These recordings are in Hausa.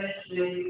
Thank you.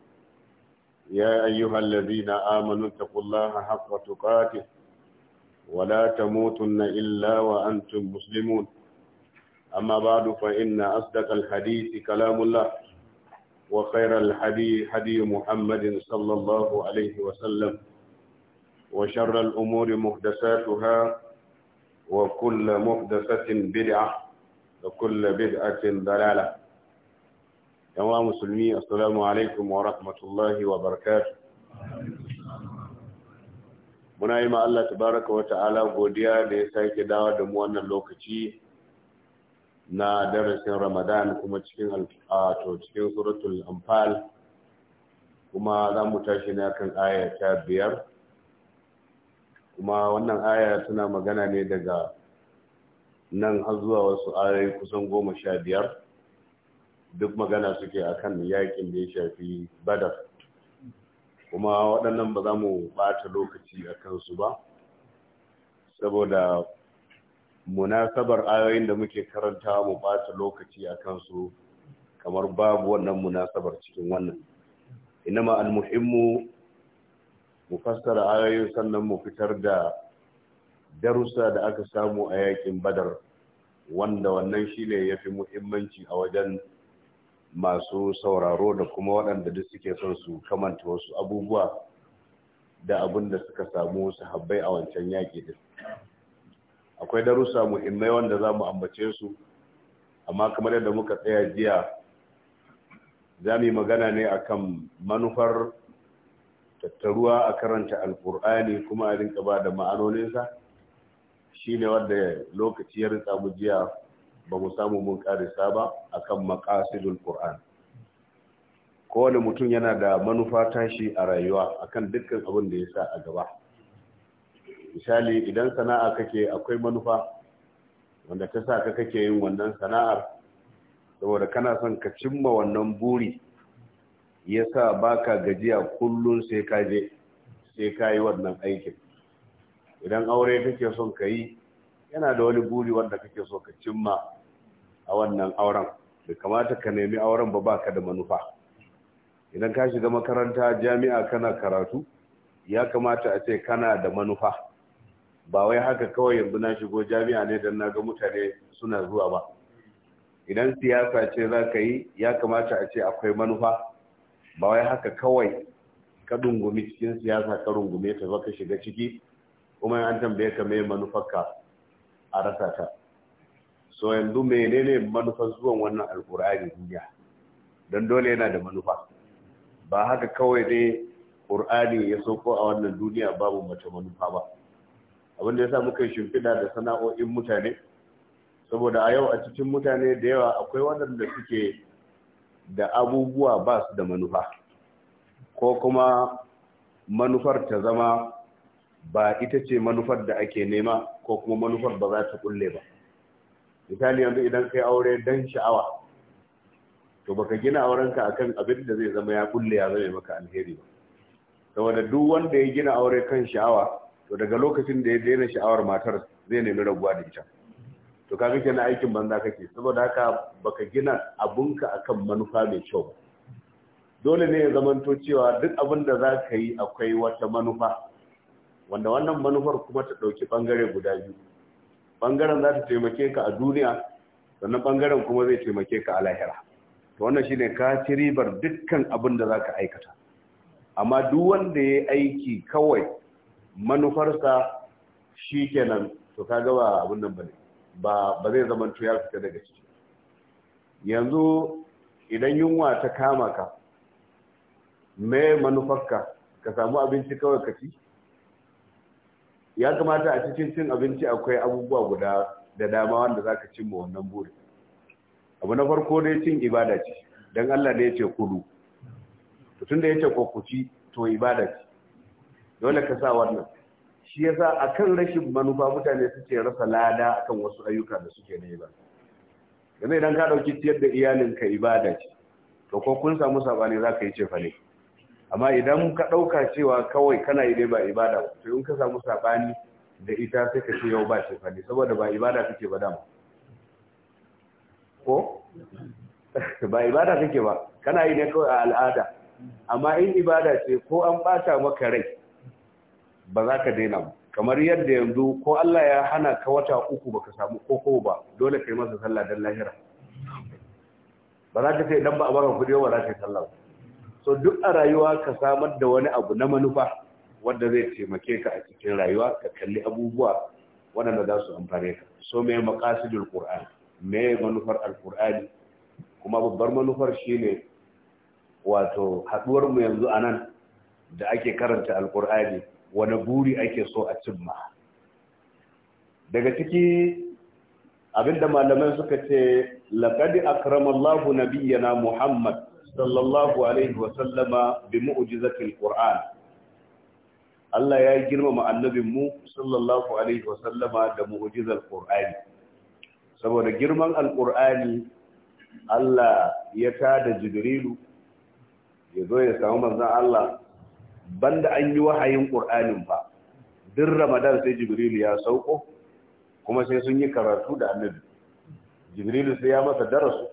يا أيها الذين آمنوا اتقوا الله حق تقاته ولا تموتن إلا وأنتم مسلمون أما بعد فإن أصدق الحديث كلام الله وخير الحديث حدي محمد صلى الله عليه وسلم وشر الأمور محدثاتها وكل محدثة بدعة وكل بدعة ضلالة yawa musulmi assalamu alaikum wa rahmatullahi wa barakatuh muna yi ma Allah tabaraka wa ta'ala godiya da ya sake dawo da mu wannan lokaci na darasin Ramadan kuma cikin to cikin suratul anfal kuma za mu tashi na kan aya ta biyar kuma wannan aya tana magana ne daga nan har zuwa wasu ayoyi kusan goma sha biyar duk magana suke akan yakin da ya shafi badar kuma waɗannan ba za mu ɓata lokaci a kansu ba saboda munasabar ayoyin da muke karanta mu ɓata lokaci a kansu kamar babu wannan munasabar cikin wannan inama almuhimmu mu fassara ayoyin sannan mu fitar da darussa da aka samu a yaƙin badar wanda wannan shine ya fi muhimmanci a wajen masu sauraro da kuma waɗanda duk suke son su kamanta wasu abubuwa da abin da suka samu su habbai a wancan yaƙi din akwai darussa muhimmai wanda za mu ambace su amma kamar yadda muka tsaya jiya za mu yi magana ne akan manufar tattaruwa a karanta Alƙur'ani kuma a rinka ba da ma'anoninsa shi ne wadda lokaci ya rinka mu jiya ba mu samu mun karisa ba akan maqasidul qur'an kowane mutum yana da manufa tashi a rayuwa akan dukkan abin da ya sa a gaba misali idan sana'a kake akwai manufa wanda ta sa ka kake yin wannan sana'ar saboda kana son ka cimma wannan buri ya sa baka gajiya kullum sai ka je sai ka yi wannan aikin idan aure kake son ka yi yana da wani buri wanda kake so ka cimma a wannan auren da kamata ka nemi auren ba baka da manufa idan ka shiga makaranta jami'a kana karatu ya kamata a ce kana da manufa ba wai haka kawai yanzu na shigo jami'a ne don na ga mutane suna zuwa ba idan siyasa ce za ka yi ya kamata a ce akwai manufa ba wai haka kawai ka dungumi cikin siyasa ka rungume ta ba ka shiga ciki kuma an tambaye ka mai manufarka a rasa ta so yanzu menene manufan zuwan wannan alkur'ani duniya don dole yana da manufa ba haka kawai dai ƙur'ani ya sauko a wannan duniya babu mace manufa ba abin da ya sa muka shimfiɗa da sana'o'in mutane saboda a yau a cikin mutane da yawa akwai waɗanda suke da abubuwa ba su da manufa ko kuma manufar ta zama ba ita ce manufar da ake nema ko kuma manufar ba za ta kulle ba misali yanzu idan kai aure dan sha'awa to baka gina aurenka akan abin da zai zama ya kulle ya zama maka alheri ba saboda duk wanda ya gina aure kan sha'awa to daga lokacin da ya daina sha'awar matar zai nemi raguwa da ita to kaga kenan aikin banza kake saboda haka baka gina abunka akan manufa mai kyau dole ne ya zamanto cewa duk abin da za ka yi akwai wata manufa wanda wannan manufar kuma ta ɗauki ɓangare guda biyu ɓangaren za ta taimake ka a duniya sannan ɓangaren kuma zai taimake ka a lahira to wannan shine ka ci ribar dukkan abin da za ka aikata amma duk wanda ya aiki kawai manufarsa shi kenan to ka gaba abin nan ba ne ba zai zama ya fita daga ciki yanzu idan yunwa ta kama ka me manufarka ka samu abinci kawai ka ci ya kamata a cikin cin abinci akwai abubuwa guda da dama wanda za ka cimma wannan buri abu na farko dai cin ibada ce don allah ne ya ce kudu tun da ya ce kwakwaci to ibada ce dole ka sa wannan shi ya sa a kan rashin manufa mutane suke rasa lada kan wasu ayyuka da suke na ibada yanzu idan ka ɗauki ciyar da iyalinka ibada ce to ko kun samu saɓani za ka yi cefane. ne amma idan ka ɗauka cewa kawai kana yi dai ba ibada to in ka samu saɓani da ita sai ka ce yau ba shi fadi saboda ba ibada kake ba dama ko ba ibada kake ba kana yi ne kawai a al'ada amma in ibada ce ko an bata maka rai ba za ka daina kamar yadda yanzu ko Allah ya hana ka wata uku baka samu koko ba dole ka yi masa sallah dan lahira ba za ka ce dan ba a baka kudi ba za ka yi sallah so duk a rayuwa ka samar da wani abu na manufa wanda zai taimake ka a cikin rayuwa ka kalli abubuwa waɗanda za su amfane ka so me maqasidul qur'an me manufar alqur'ani kuma babbar manufar shine wato haduwar mu yanzu anan da ake karanta alqur'ani wani buri ake so a cimma daga ciki abinda malamai suka ce laqad na nabiyyana muhammad sallallahu alaihi wasallama bi mu'jizatil qur'an Allah ya girmama annabinmu sallallahu alaihi wasallama da mu'jizar qur'ani saboda girman alqur'ani Allah ya tada jibrilu ya zo ya samu manzon Allah banda an yi wahayin qur'anin ba duk ramadan sai jibrilu ya sauko kuma sai sun yi karatu da annabi jibrilu sai ya masa darasu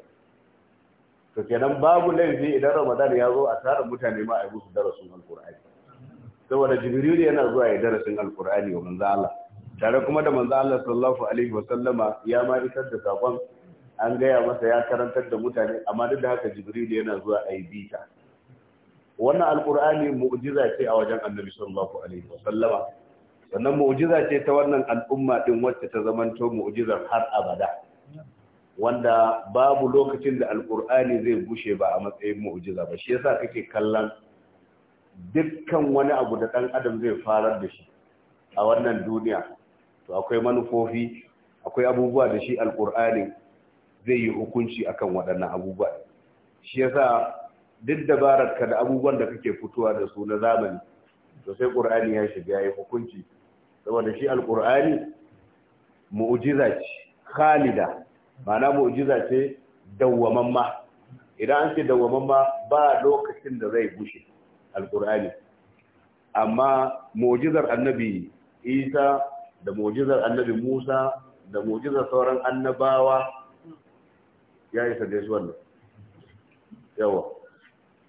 to kenan babu laifi idan ramadan ya zo a tara mutane ma a yi musu darasin alkur'ani saboda jibril yana zuwa ya darasin alkur'ani wa manzo Allah tare kuma da manzo Allah sallallahu alaihi wa sallama ya ma isar da sakon an gaya masa ya karantar da mutane amma duk da haka jibril yana zuwa a yi bita wannan alkur'ani mu'jiza ce a wajen annabi sallallahu alaihi wa sallama sannan mu'jiza ce ta wannan al'umma din wacce ta zamanto mu'jizar har abada wanda babu lokacin da alkur'ani zai bushe ba a matsayin mu'ujiza ba shi yasa kake kallon dukkan wani abu da ɗan adam zai farar da shi a wannan duniya to akwai manufofi akwai abubuwa da shi alkur'ani zai yi hukunci akan waɗannan abubuwa shi yasa duk dabarar ka da abubuwan da kake fitowa da su na zamani to sai qur'ani ya shiga ya yi hukunci saboda shi alkur'ani mu'jiza ce khalida ma'ana mu'jiza ce dawwamamma idan an ce dawwamamma ba lokacin da zai bushe alqur'ani amma mu'jizar annabi Isa da mu'jizar annabi Musa da mu'jizar sauran annabawa ya isa da su wannan yawa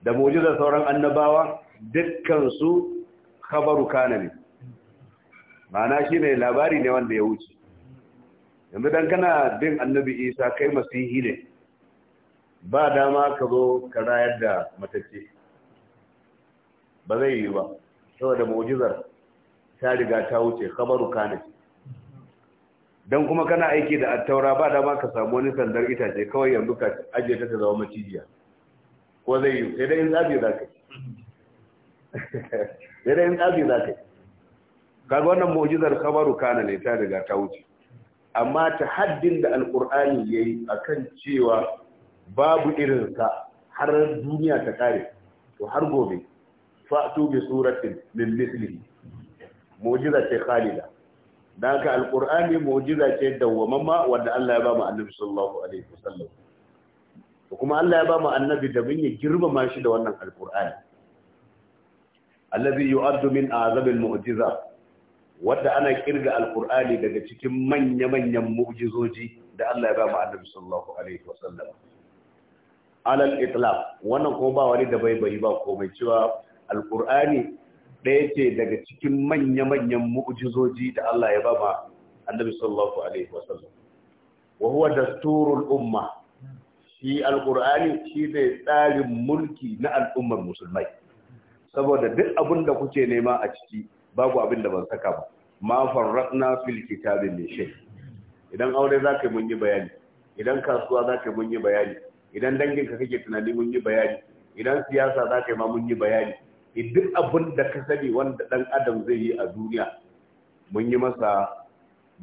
da mu'jizar sauran annabawa dukkan su khabaru kana ne ma'ana shine labari ne wanda ya wuce yanzu dan kana bin annabi isa kai masihi ne ba dama ka zo ka rayar da matacce ba zai yi ba saboda mu'jizar ta riga ta wuce khabaru kana dan kuma kana aiki da attaura ba dama ka samu wani sandar itace kawai yanzu ka aje ta ta zama macijiya ko zai yi sai dai in tsabi za ka sai dai in tsabi za ka kaga wannan mu'jizar khabaru kana ne ta riga ta wuce amma ta haddin da alkur'ani ya yi a kan cewa babu irinsa har duniya ta kare to har gobe fa'atu bi suratin min mislihi mu'jiza ce khalida dan ka alkur'ani mu'jiza ce dawwamamma wanda Allah ya ba mu annabi sallallahu alaihi wasallam to kuma Allah ya ba mu annabi da mun ya girmama shi da wannan alkur'ani allazi yu'addu min a'zabil mu'jiza wadda ana kirga alkur'ani daga cikin manya-manyan mu'jizoji da Allah ya ba mu annabi sallallahu alaihi wasallam alal itlaq wannan ko ba wani da bai bai ba komai cewa alkur'ani ɗaya ce daga cikin manya-manyan mu'jizoji da Allah ya ba mu annabi sallallahu alaihi wasallam wa huwa dasturul umma shi alkur'ani shi ne tsarin mulki na al'ummar musulmai saboda duk abin da kuke nema a ciki babu abin da ban saka ba ma farratna fil kitabin min shay idan aure zaka yi mun yi bayani idan kasuwa zaka mun yi bayani idan ka kake tunani mun yi bayani idan siyasa zaka yi ma mun yi bayani eh, duk abin da ka sani wanda dan adam zai yi a duniya mun yi masa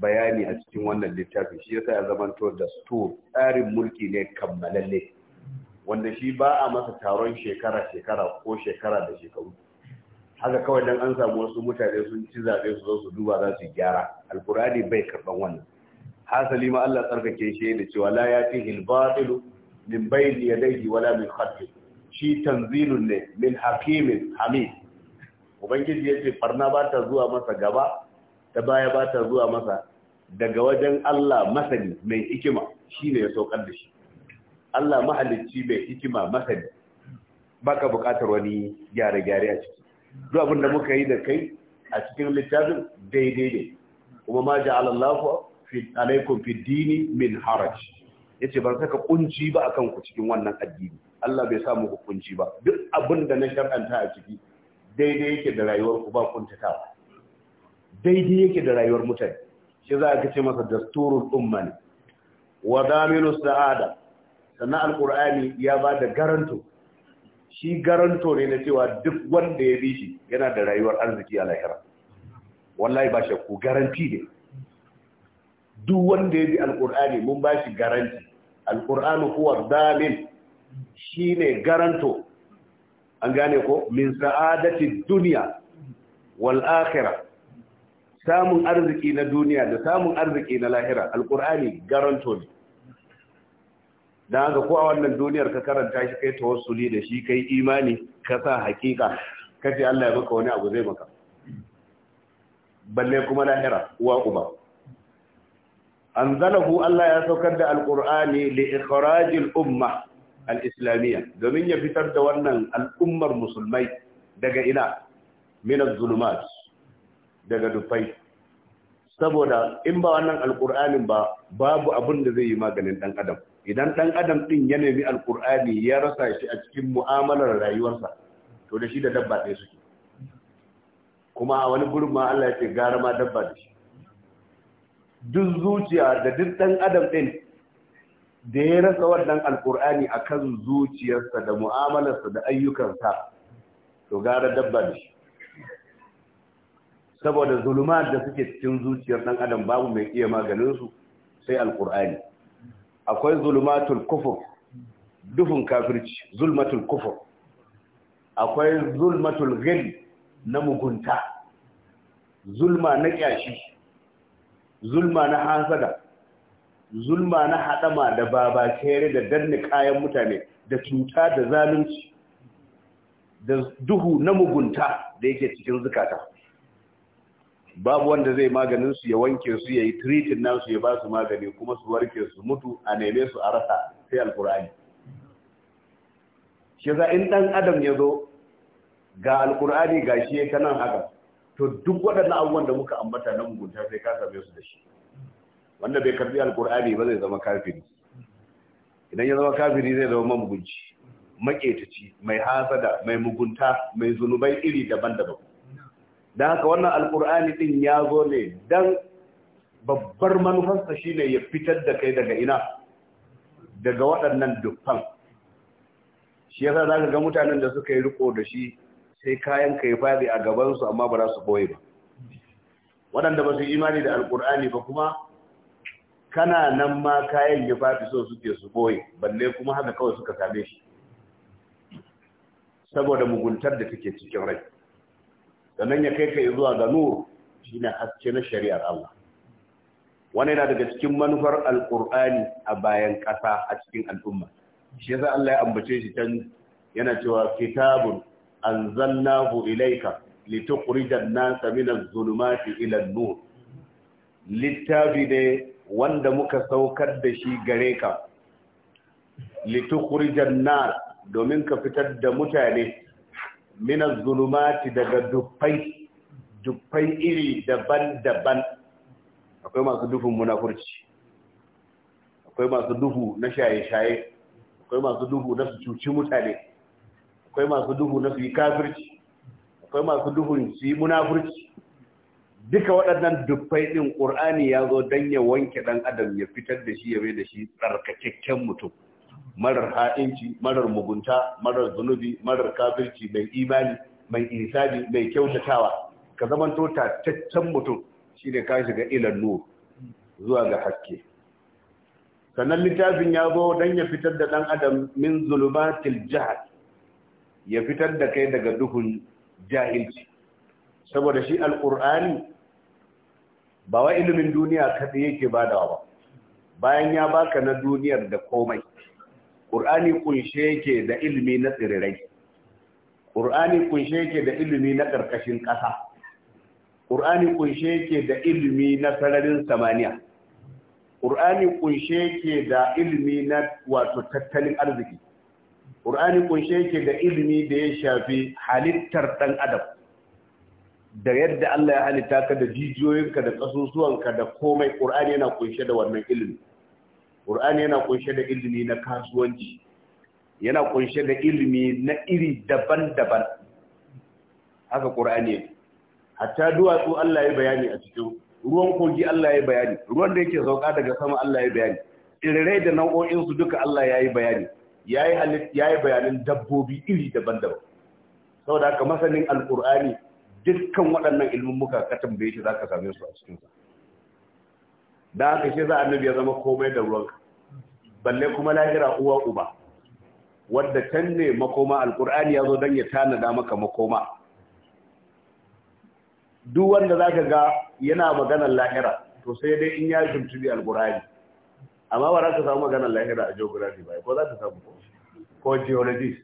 bayani a cikin wannan littafin shi yasa ya zamanto da sto tsarin mulki ne kammalalle wanda shi ba a masa taron shekara shekara ko shekara da shekaru haka kawai dan an samu wasu mutane sun ci zabe su zo su duba za su gyara alkurani bai karban wannan hasali ma Allah tsarkake shi da cewa la yatihi al-batil min bayni yadayhi wala min khalfi shi tanzilun ne min hakimin hamid ubangiji yace farna ba ta zuwa masa gaba ta baya ba ta zuwa masa daga wajen Allah masani mai hikima shine ya saukar da shi Allah mahalicci mai hikima masani baka bukatar wani gyare-gyare a ciki duk abin da muka yi da kai a cikin littafin daidai ne kuma ma ja'ala Allahu alaikum fi dini min haraj yace ban saka kunci ba akan ku cikin wannan addini Allah bai sa muku kunci ba duk abin da na shar'anta a ciki daidai yake da rayuwar ku ba kuntatawa daidai yake da rayuwar mutane shi za ka ce masa dasturul umma ne wa daminu sa'ada sannan alqur'ani ya ba da garanto shi garanto ne na cewa duk wanda ya bi shi yana da rayuwar arziki a lahira wallahi ba shakku garanti ne duk wanda ya bi alkur'ani mun ba shi garanti alkur'ani huwa dalil ne garanto an gane ko min sa'adatin duniya wal akhirah samun arziki na duniya da samun arziki na lahira alkur'ani garanto ne Da haka ko a wannan duniyar ka karanta shi kai tawassuli da shi kai imani ka sa hakika kace Allah ya maka wani abu zai maka balle kuma lahira wa uba anzalahu Allah ya saukar da alqur'ani li ikhrajil umma al-islamiyya domin ya fitar da wannan al'ummar musulmai daga ina min az daga dufai saboda in ba wannan alqur'anin ba babu abin da zai yi maganin dan adam idan ɗan adam ɗin ya nemi alkur'ani ya rasa shi a cikin mu'amalar rayuwarsa to da shi da dabba ɗaya suke kuma a wani gurin ma Allah ya ce gara ma dabba da shi duk zuciya da duk ɗan adam ɗin da ya rasa wannan alkur'ani a kan zuciyarsa da mu'amalarsa da ayyukansa to gara dabba da shi saboda zuluma da suke cikin zuciyar ɗan adam babu mai iya maganinsu sai alkur'ani akwai zulmatul kufur duhun kafirci zulmatul kufur akwai zulmatul ghil na mugunta zulma na kyashi zulma na hasada zulma na hadama da kere da danne kayan mutane da cuta da zalunci da duhu na mugunta da yake cikin zukata babu wanda zai maganin su ya wanke su ya yi treating nan su ya ba su magani kuma su warke su mutu a neme su a rasa sai alkur'ani shi za in dan adam ya zo ga alkur'ani ga shi ta nan haka to duk waɗannan abubuwan da muka ambata na mugunta sai ka same su da shi wanda bai karbi alkur'ani ba zai zama kafiri idan ya zama kafiri zai zama mamugunci maƙetaci mai hasada mai mugunta mai zunubai iri daban-daban da haka wannan alkur'ani din ya zo ne dan babbar manufarsa shine ya fitar da kai daga ina daga waɗannan dukkan shi yasa za ga mutanen da suka yi riko da shi sai kayan ka yi fadi a gabansu amma ba za su boye ba waɗanda ba su yi imani da alkur'ani ba kuma kana nan ma kayan ya fadi so suke su boye balle kuma haka kawai suka same shi saboda muguntar da take cikin rai sannan ya kai ka zuwa ga nur shi ne haske na shari'ar Allah Wani yana daga cikin manufar alqur'ani a bayan ƙasa a cikin al'umma shi yasa Allah ya ambace shi can yana cewa kitabun anzalnahu ilayka litukhrijan nasa min adh-dhulumati ila nur littafi ne wanda muka saukar da shi gare ka litukhrijan nar domin ka fitar da mutane Mina zulumati daga dufai dufai iri daban-daban akwai masu dufin munafurci akwai masu duhu na shaye-shaye akwai masu duhu na su cuci mutane akwai masu duhu na su yi kafirci akwai masu duhun su yi munafurci duka waɗannan dufai ɗin ƙur'ani ya zo don ya wanke ɗan adam ya fitar da shi ya mai da shi tsarkakakken mutum marar ha'inci marar mugunta marar zunubi marar kafirci mai imani mai insani mai kyautatawa ka zamanto tattaccen mutum shine ka shiga ilan nur zuwa ga haske sannan littafin ya zo don ya fitar da ɗan adam min zulumatil jihar ya fitar da kai daga duhun jahilci saboda shi al'ur'ani ba wa ilimin duniya kaɗai yake badawa ba bayan ya baka na duniyar da komai ƙur'ani kunshe yake da ilimi na tsirirai. ƙur'ani kunshe yake da ilimi na ƙarƙashin ƙasa ƙur'ani kunshe yake da ilimi na sararin samaniya ƙur'ani kunshe yake da ilimi na wato tattalin arziki ƙur'ani kunshe yake da ilimi da ya shafi halittar ɗan adam da yadda Allah ya halitta ka da jijiyoyinka da ƙasusuwanka da komai ƙur'ani yana kunshe da wannan ilimi Qur'ani yana kunshe da ilimi na kasuwanci yana kunshe da ilimi na iri daban-daban haka Qur'ani hatta duwatsu Allah ya bayani a cikin ruwan kogi Allah ya bayani ruwan da yake sauka daga sama Allah ya bayani tsirrai da nau'o'insu duka Allah ya yi bayani ya yi bayanin dabbobi iri daban-daban saboda haka masanin Al-Qur'ani, dukkan waɗannan ilmummuka ka tambaye shi za ka same su a cikinsa da aka shi za a annabi ya zama komai da ruwanka balle kuma lahira uwa uba wadda can ne makoma alkur'ani ya zo don ya tanada maka makoma duk wanda za ka ga yana maganar lahira to sai dai in ya bi alkur'ani amma ba za ka samu maganar lahira a geography ba ko za ka samu ko geologist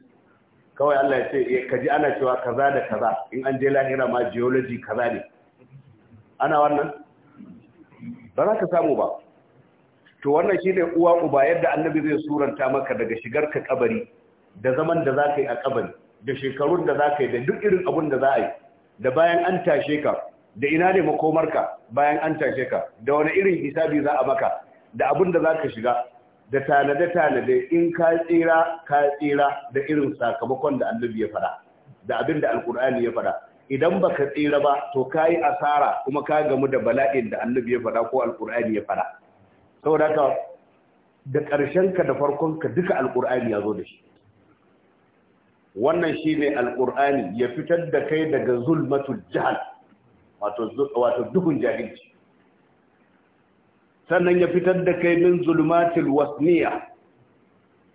kawai Allah ya ce eh, ka ji ana cewa kaza da kaza in an je lahira ma geology kaza ne ana wannan ba za ka samu ba to wannan shi ne uwa uba yadda annabi zai suranta maka daga shigar ka kabari da zaman da za ka yi a kabari da shekarun da za ka yi da duk irin abun da za a yi da bayan an tashe ka da ina ne makomarka bayan an tashe ka da wani irin hisabi za a maka da abun da za ka shiga da tanade-tanade in ka tsira ka tsira da irin sakamakon da annabi ya fada da abin da alkur'ani ya fada idan ba ka tsira ba to yi asara kuma ka gamu da bala'in da annabi ya faɗa ko alkur'ani ya faɗa saboda haka da ƙarshen ka da farkon ka duka alkur'ani ya zo da shi wannan shi ne alkur'ani ya fitar da kai daga zulmatul jahal wato wato duhun jahilci sannan ya fitar da kai min zulmatul wasniya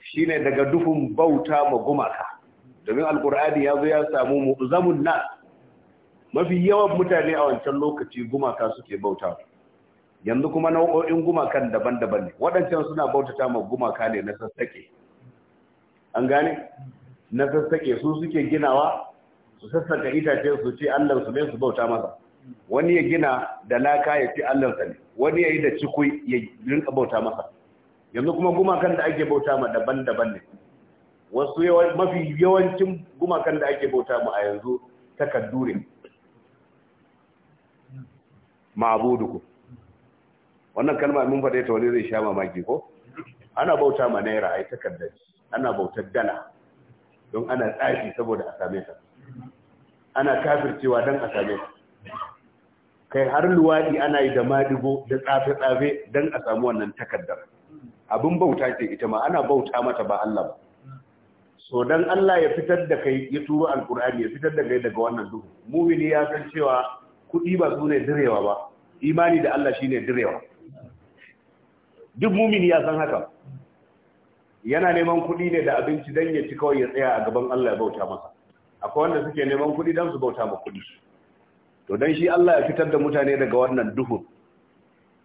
shi ne daga duhun bauta ma gumaka domin alkur'ani ya zo ya samu mu'zamun nas mafi yawan mutane a wancan lokaci gumaka suke bauta yanzu kuma nau'o'in gumakan daban-daban ne waɗancan suna bautata ma gumaka ne na sassaƙe an gane na sassaƙe su suke ginawa su sassaƙa itace su ce allansu ne su bauta masa wani ya gina da laka ya ce allansa ne wani ya yi da cikui ya rinka bauta masa yanzu kuma gumakan da ake bauta ma daban-daban ne wasu mafi yawancin gumakan da ake bauta ma a yanzu takaddu ne ma'abuduku wannan kalma mun faɗe ta wani zai sha mamaki ko ana bauta ma naira ai takardar ana bautar dala don ana tsafi saboda a same ta ana kafircewa don a same ta kai har luwaɗi ana yi da madigo da tsafe-tsafe don a samu wannan takardar abin bauta ce ita ma ana bauta mata ba Allah ba so dan Allah ya fitar da kai ya turo alkur'ani ya fitar da kai daga wannan duhu mumini ya san cewa kuɗi ba su ne direwa ba imani da Allah shine direwa duk mumini ya san haka yana neman kuɗi ne da abinci don ya ci kawai ya tsaya a gaban Allah ya bauta masa akwai wanda suke neman kuɗi don su bauta ma kuɗi to don shi Allah ya fitar da mutane daga wannan duhu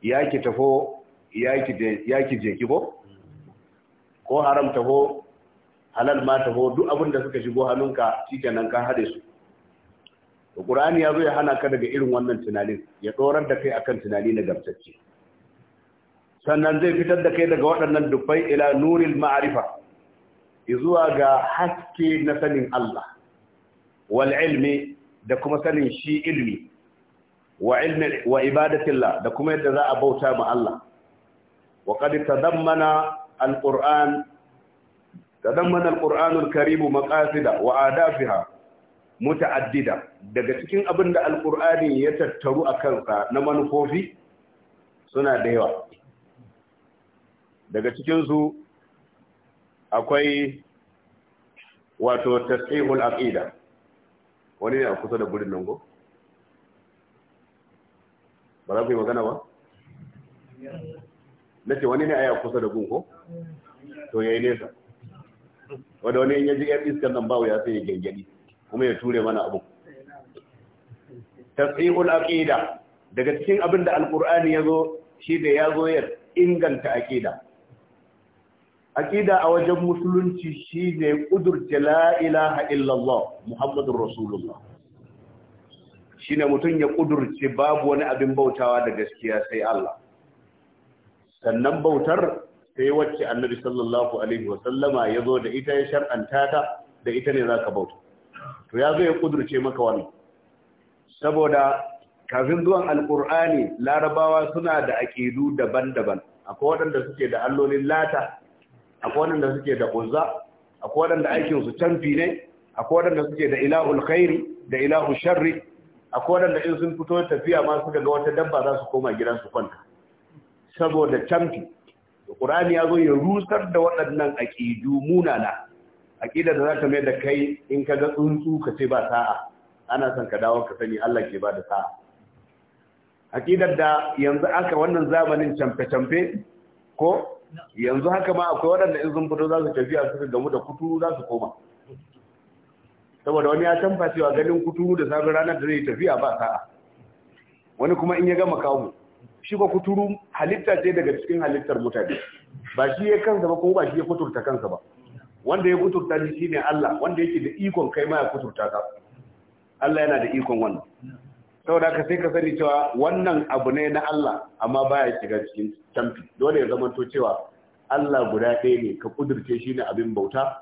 ya ki tafo ya ki je kibo ko haram tafo halal ma tafo, duk abin da suka shigo hannunka shikenan ka hade su Ƙur'ani ya zo ya hana ka daga irin wannan tunanin ya dorar da kai akan tunani na gamsacce sannan zai fitar da kai daga waɗannan dubbai ila nuril ma'arifa zuwa ga haske na sanin Allah wal ilmi da kuma sanin shi ilmi wa ilmi wa ibadatillah da kuma yadda za a bauta ma Allah wa qad tadammana al-qur'an tadammana al-qur'an al maqasida wa adafiha muta'addida daga cikin abin da alkur'ani ya tattaru a kansa na manufofi suna da yawa daga cikinsu akwai wato tasihul aqida wani ne a kusa da gurin nan go ba za ku yi magana ba na ce wani ne a kusa da gunko? ko to ya yi nesa wadda wani ya yaji ya iskan nan bawu ya sai ya gengedi kuma ya ture mana abu tasihul aqida daga cikin abin da alqur'ani yazo shi da yazo ya inganta aƙida. Aƙida a wajen musulunci shine kudurta la ilaha illallah muhammadur rasulullah shine mutum ya kudurce babu wani abin bautawa da gaskiya sai Allah sannan bautar sai wacce annabi sallallahu alaihi wasallama yazo da ita ya shar'anta ta da ita ne za ka bauta to ya zo ya kudurce maka wani saboda kafin zuwan alkur'ani larabawa suna da aƙidu daban-daban akwai waɗanda suke da allolin lata akwai waɗanda suke da uzza akwai waɗanda aikinsu canfi ne akwai waɗanda suke da ilahul khairi da ilahul sharri akwai waɗanda in sun fito tafiya ma suka ga wata dabba za su koma gidansu kwanta saboda canfi ƙur'ani ya zo ya rusar da waɗannan aƙidu munana aqida da za ta mai da kai in ka ga tsuntsu ka ce ba sa'a ana son ka dawo ka sani Allah ke ba da sa'a aqidar da yanzu aka wannan zamanin camfe camfe ko yanzu haka ma akwai waɗanda in sun fito za su tafi a cikin gamu da kuturu za su koma saboda wani ya tamfa cewa ganin kuturu da sabon ranar da zai tafiya ba sa'a wani kuma in ya gama kawo shi ba kuturu halitta ce daga cikin halittar mutane ba shi ya kansa ba kuma ba shi ya kuturta kansa ba wanda ya kuturta shi shine Allah wanda yake da ikon kai ma ya kuturta ka Allah yana da ikon wannan saboda ka sai ka sani cewa wannan abu ne na Allah amma baya shiga cikin tamfi dole ya zama to cewa Allah guda ɗaya ne ka kudurce shi ne abin bauta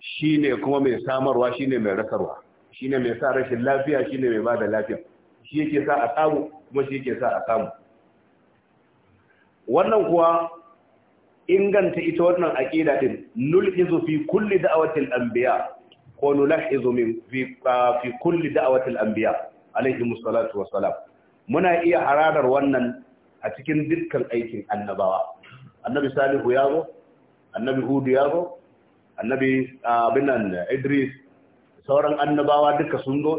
shi ne kuma mai samarwa shi ne mai rasarwa shi ne mai sa rashin lafiya shi ne mai ba da lafiya shi yake sa a samu kuma shi yake sa a samu wannan kuwa inganta ita wannan aqida din nulhizu fi kulli da'watil anbiya ko nulhizu min fi ah, fi kulli da'watil anbiya alaihi musallatu wassalam muna iya hararar wannan a cikin dukkan aikin annabawa annabi salihu ya zo annabi hudu ya zo annabi ah, abinan idris sauran annabawa duka sun zo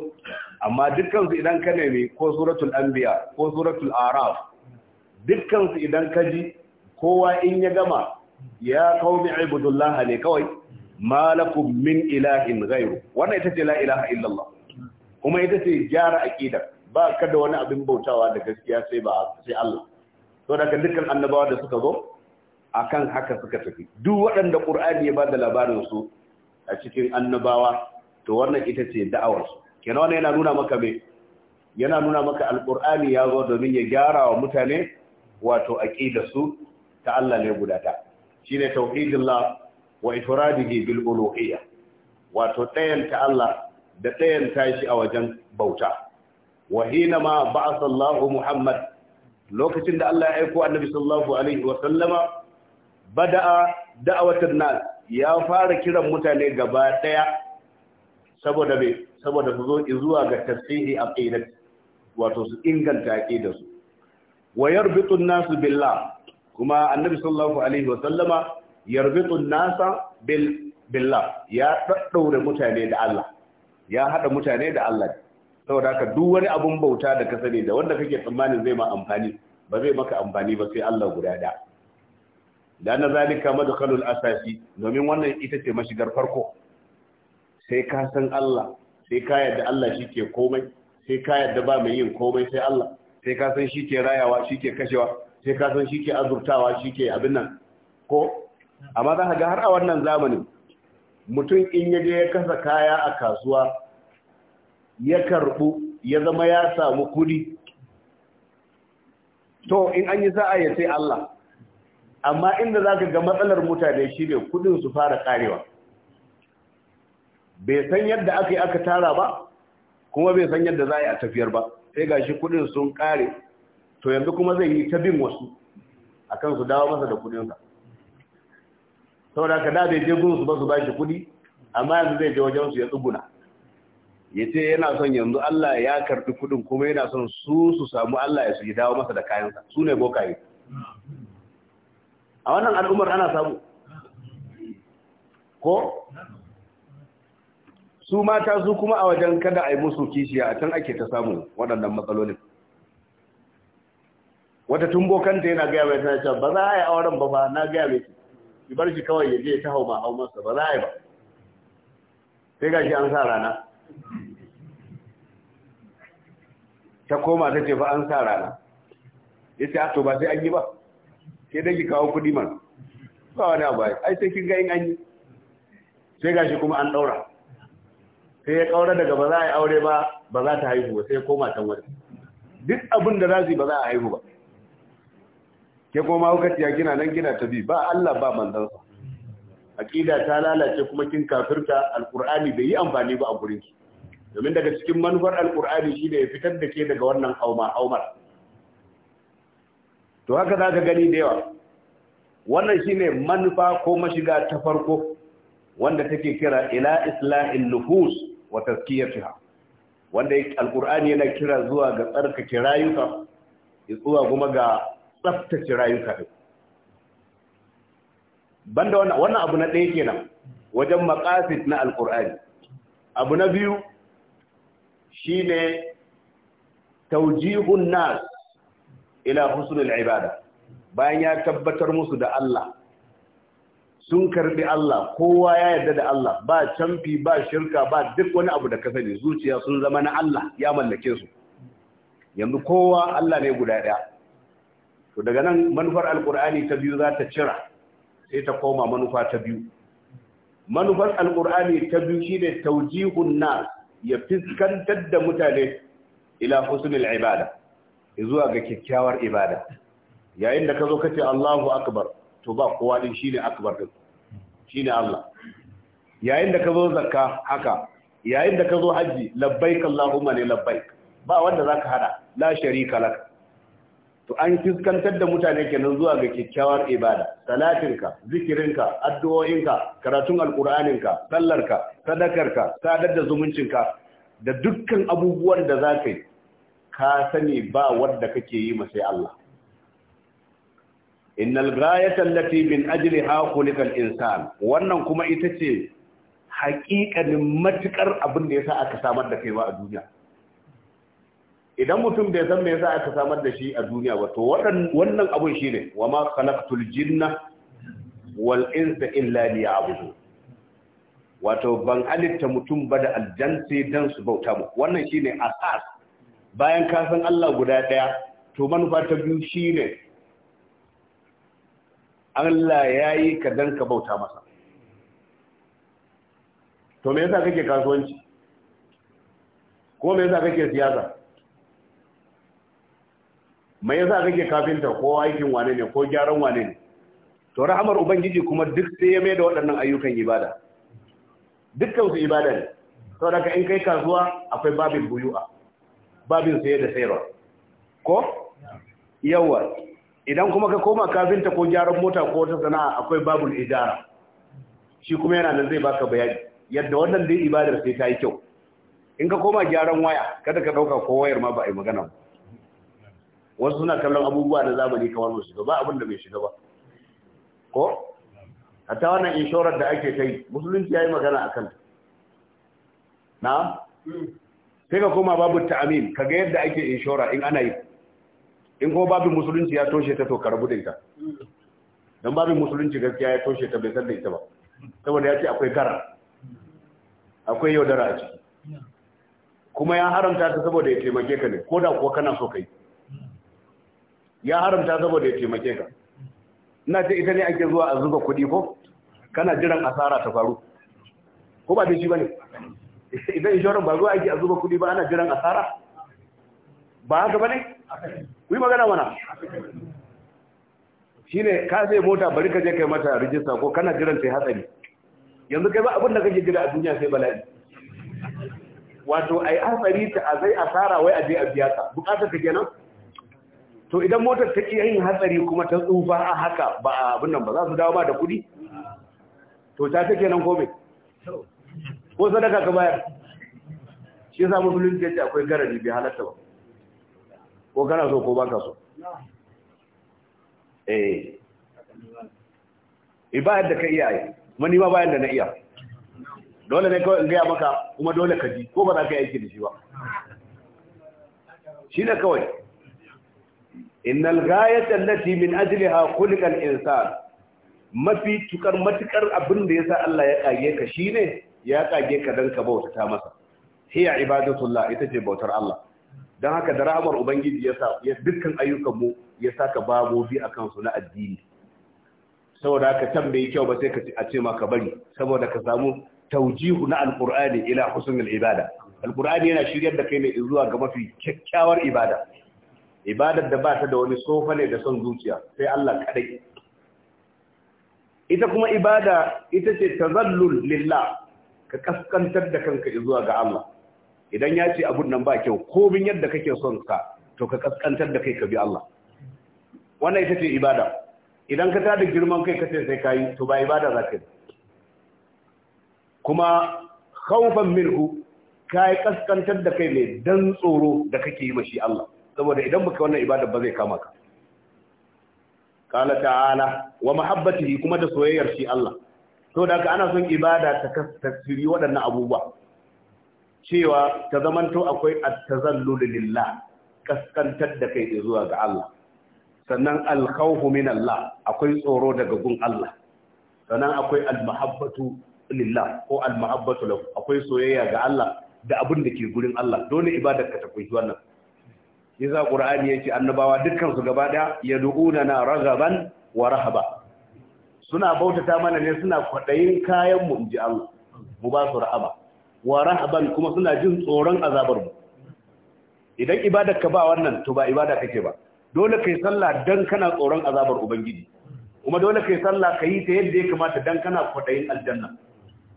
amma su idan ka nemi ko suratul anbiya ko suratul araf su idan ka ji kowa in ya gama ya qaumi ibudullah ne kawai malakum min ilahin ghairu wannan ita ce la ilaha illallah kuma ita ce gyara aqidar ba ka da wani abin bautawa da gaskiya sai ba sai Allah to da kan dukkan annabawa da suka zo akan haka suka tafi duk waɗanda qur'ani ya bada labarin su a cikin annabawa to wannan ita ce da'awar su kenan wannan yana nuna maka me yana nuna maka alqur'ani ya zo domin ya gyara wa mutane wato aqidar su ta Allah ne Shi ne shine tauhidillah wa ifradihi bil uluhiyya wato ɗayan ta Allah da ɗayan tashi shi a wajen bauta wa hina ma ba'atha Allah Muhammad lokacin da Allah ya aiko Annabi sallallahu alaihi wa sallama bada'a da'awatan nas ya fara kiran mutane gaba ɗaya saboda me saboda su zo zuwa ga tafsiri aqidat wato su inganta aqidarsu wa yarbitu an-nas billah kuma annabi sallallahu alaihi wasallama yarbitu nasa bil billah ya daddaure mutane da Allah ya hada mutane da Allah saboda haka duk wani abun bauta da ka sani da wanda kake tsammanin zai ma amfani ba zai maka amfani ba sai Allah guda da da na zalika madkhalul asasi domin wannan ita ce mashigar farko sai ka san Allah sai ka yarda Allah shike komai sai ka yarda ba mai yin komai sai Allah sai ka san shike rayawa shike kashewa sai ka san shi ke azurtawa shi ke abin nan ko amma za ka ga har a wannan zamanin mutum in ya je ya kasa kaya a kasuwa ya karbu ya zama ya samu kudi to in an yi sa'a ya sai Allah amma inda za ka ga matsalar mutane shi ne kudin su fara karewa bai san yadda aka yi aka tara ba kuma bai san yadda za a yi a tafiyar ba sai ga shi kudin sun kare to yanzu kuma zai yi ta bin wasu a kan su dawo masa da kudinsa saboda ka da bai je gunsu ba su ba shi kudi amma yanzu zai je wajen su ya tsuguna ya ce yana son yanzu Allah ya karbi kudin kuma yana son su su samu Allah ya su yi dawo masa da kayansa su ne bokaye a wannan al'ummar ana samu ko su mata su kuma a wajen kada a yi musu kishiya a can ake ta samu waɗannan matsalolin wata tumbo kanta yana gaya mai tana cewa ba za a yi auren ba ba na gaya mai ki bar shi kawai ya je ta hau ba hau masa ba za a yi ba sai gashi an sa rana ta koma ta ce ba an sa rana ya ce to ba sai an yi ba sai dai ki kawo kuɗi man ba wani abu ai sai kin ga in an yi sai gashi kuma an ɗaura sai ya ƙaura daga ba za a yi aure ba ba za ta haihu ba sai koma can wani duk abin da za su yi ba za a haihu ba ke kuma ya gina nan gina ta bi ba Allah ba manzansa aƙida ta lalace kuma kin kafirta alqur'ani bai yi amfani ba a gurin ki domin daga cikin manufar alqur'ani shine ya fitar da ke daga wannan hauma haumar to haka za ka gani da yawa wannan shine manufa ko mashiga ta farko wanda take kira ila islahin nufus wa tazkiyatiha wanda alqur'ani yana kira zuwa ga tsarkake rayuka zuwa kuma ga tsaftace rayuka ɗin banda wannan wannan abu na ɗaya kenan wajen maqasid na alqur'ani abu na biyu shine taujihun nas ila husnul ibada bayan ya tabbatar musu da Allah sun karbi Allah kowa ya yarda da Allah ba canfi ba shirka ba duk wani abu da ka sani zuciya sun zama na Allah ya mallake su yanzu kowa Allah ne guda daya to daga nan manufar alkur'ani ta biyu za ta cira sai ta koma manufa ta biyu manufar alkur'ani ta biyu shi ne taujihun nas ya fiskantar da mutane ila husnul ibada zuwa ga kyakkyawar ibada yayin da ka zo ka ce Allahu akbar to ba kowa din shine akbar din ne Allah yayin da ka zo zakka haka yayin da ka zo haji labbaik Allahumma ne labbaik ba wanda zaka hada la sharika laka. to an fiskantar da mutane kenan zuwa ga kyakkyawar ibada salatinka zikirinka addu'o'inka karatun alkur'aninka sallarka sadakarka sadar da zumuncinka da dukkan abubuwan da za ka yi ka sani ba wanda kake yi masai Allah innal ghayata allati min ha khuliqa al-insan wannan kuma ita ce haƙiƙanin matukar abin da yasa aka samar da kaiwa a duniya idan mutum bai san me yasa aka samar da shi a duniya ba to wannan abun shi ne wa ma khalaqtul jinna wal insa illa liya'budun wato ban halitta mutum ba da aljansi dan su bauta mu wannan shine asas bayan ka san Allah guda daya to manufa ta biyu shine Allah yayi ka dan ka bauta masa to me yasa kake kasuwanci ko me yasa kake siyasa mai yasa kake kafinta ko aikin wane ne ko gyaran wane ne to rahamar ubangiji kuma duk sai ya mai da waɗannan ayyukan ibada dukkan su ibada ne to daga in kai kasuwa akwai babin buyu'a babin saye da sayarwa ko yawa idan kuma ka koma kafinta ko gyaran mota ko wata sana'a akwai babul ijara shi kuma yana nan zai baka bayani yadda wannan dai ibadar sai ta yi kyau in ka koma gyaran waya kada ka dauka ko wayar ma ba a yi magana ba wasu suna kallon abubuwa na zamani kamar ba shiga ba abin da bai shiga ba ko hatta wannan inshorar da ake kai musulunci ya yi magana a kanta na sai ka koma babu ta'amin ka ga yadda ake inshora in ana yi in ko babin musulunci ya toshe ta to ka rabu don babin musulunci gaskiya ya toshe ta bai san da ita ba saboda ya ce akwai gara akwai yaudara a ciki kuma ya haramta ta saboda ya taimake ka ne ko da kuwa kana so kai ya haramta saboda ya taimake ka ina ce ita ne ake zuwa a zuba kuɗi ko kana jiran asara ta faru ko ba dai shi bane idan inshoran ba zuwa ake a zuba kuɗi ba ana jiran asara ba haka bane ku yi magana mana shine ka sai mota bari ka je kai mata rijista ko kana jiran sai hatsari yanzu kai ba abin da kake jira a duniya sai bala'i wato ai hatsari ta a zai asara wai a je a biya ka bukatar ka kenan to idan motar ta iya yin hatsari kuma ta tsufa a haka ba a abin nan ba za su dawo ba da kudi to ta take nan kome ko sadaka ka bayar shi yasa musulunci ya ce akwai garari bai halatta ba ko kana so ko baka so eh, eh ba da ka iyaye mani ba bayan da na iya dole ne kawai in gaya maka kuma dole ka ji ko ba za ka yi aiki da shi ba shi ne kawai innal ghayata allati min ajliha khuliqa al-insan mafi tukar matukar abinda da yasa Allah ya kage ka shine ya kage ka dan ka bauta ta masa hiya ibadatullah ita ce bautar Allah dan haka da rahmar ubangiji yasa ya dukkan ayyukan ka ya saka babobi akan su na addini saboda ka tambayi kyau ba sai ka a ce maka bari saboda ka samu taujihu na alqur'ani ila husnul ibada alqur'ani yana shiryar da kai mai zuwa ga mafi kyakkyawar ibada ibadar da ba ta da wani sofa ne da son zuciya sai Allah kadai ita kuma ibada ita ce tazallul lillah ka kaskantar da kanka zuwa ga Allah idan ya ce abun nan ba kyau ko bin yadda kake son ka to ka kaskantar da kai ka bi Allah wannan ita ce ibada idan ka tada girman kai ka ce sai kai to ba ibada za ka kuma khawfan minhu kai kaskantar da kai ne dan tsoro da kake yi mashi Allah saboda idan baka wannan ibada ba zai kama ka qala ta'ala wa mahabbatihi kuma da soyayyar shi Allah to da ka ana son ibada ta tasiri waɗannan abubuwa cewa ta zamanto akwai at-tazallul lillah kaskantar da kai zuwa ga Allah sannan al-khawfu min Allah akwai tsoro daga gun Allah sannan akwai al-mahabbatu lillah ko al-mahabbatu lahu akwai soyayya ga Allah da abin da ke gurin Allah dole ibadar ka ta kunshi wannan yasa qur'ani yace annabawa dukkan su gaba daya yad'una na ragaban wa rahaba suna bautata mana ne suna kwadayin kayan mu inji Allah mu ba su rahaba wa rahaban kuma suna jin tsoron azabar mu idan ibada ka ba wannan to ba ibada kake ba dole kai sallah dan kana tsoron azabar ubangiji kuma dole kai sallah kai ta yadda ya kamata dan kana kwadayin aljanna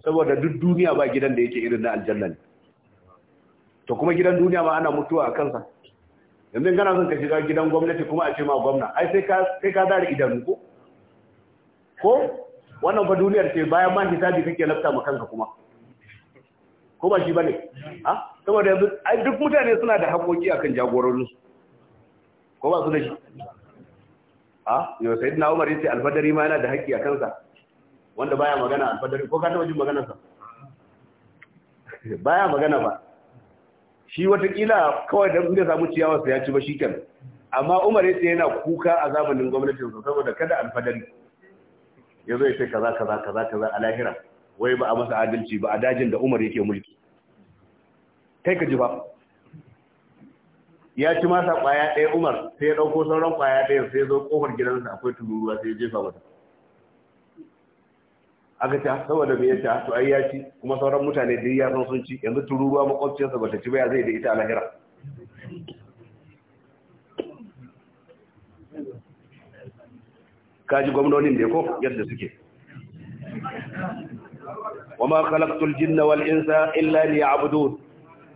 saboda duk duniya ba gidan da yake irin na aljanna ne to kuma gidan duniya ma ana mutuwa a kansa yanzu kana son ka shiga gidan gwamnati kuma a ce ma gwamna ai sai ka sai ka zare idanu ko ko wannan fa duniyar ce bayan man hisabi kake lafta ma kanka kuma ko ba shi bane a saboda yanzu ai duk mutane suna da haƙoƙi akan jagororin su ko ba su da shi a yau na Umar yace alfadari ma yana da haƙƙi a kansa wanda baya magana alfadari ko ka taba jin maganarsa baya magana ba shi watakila kawai da inda samu sa ya ci ba shikan amma umar ya ce yana kuka a zamanin gwamnatin su saboda kada alfadari ya zo ya ce kaza kaza kaza kaza a lahira wai ba a masa adalci ba a dajin da umar yake mulki kai ka ji ba ya ci masa kwaya ɗaya umar sai ya ɗauko sauran kwaya ɗaya sai ya zo ƙofar gidansa akwai tururuwa sai ya jefa mata aka ta ah, saboda bai yace ah, to ai ya ci kuma sauran mutane dai ya san sun ci yanzu tururuwa makwabciyarsa ta ci ba ya zai da ita a lahira kaji gwamnonin da ko yadda suke wama khalaqtul jinna wal insa illa liya'budun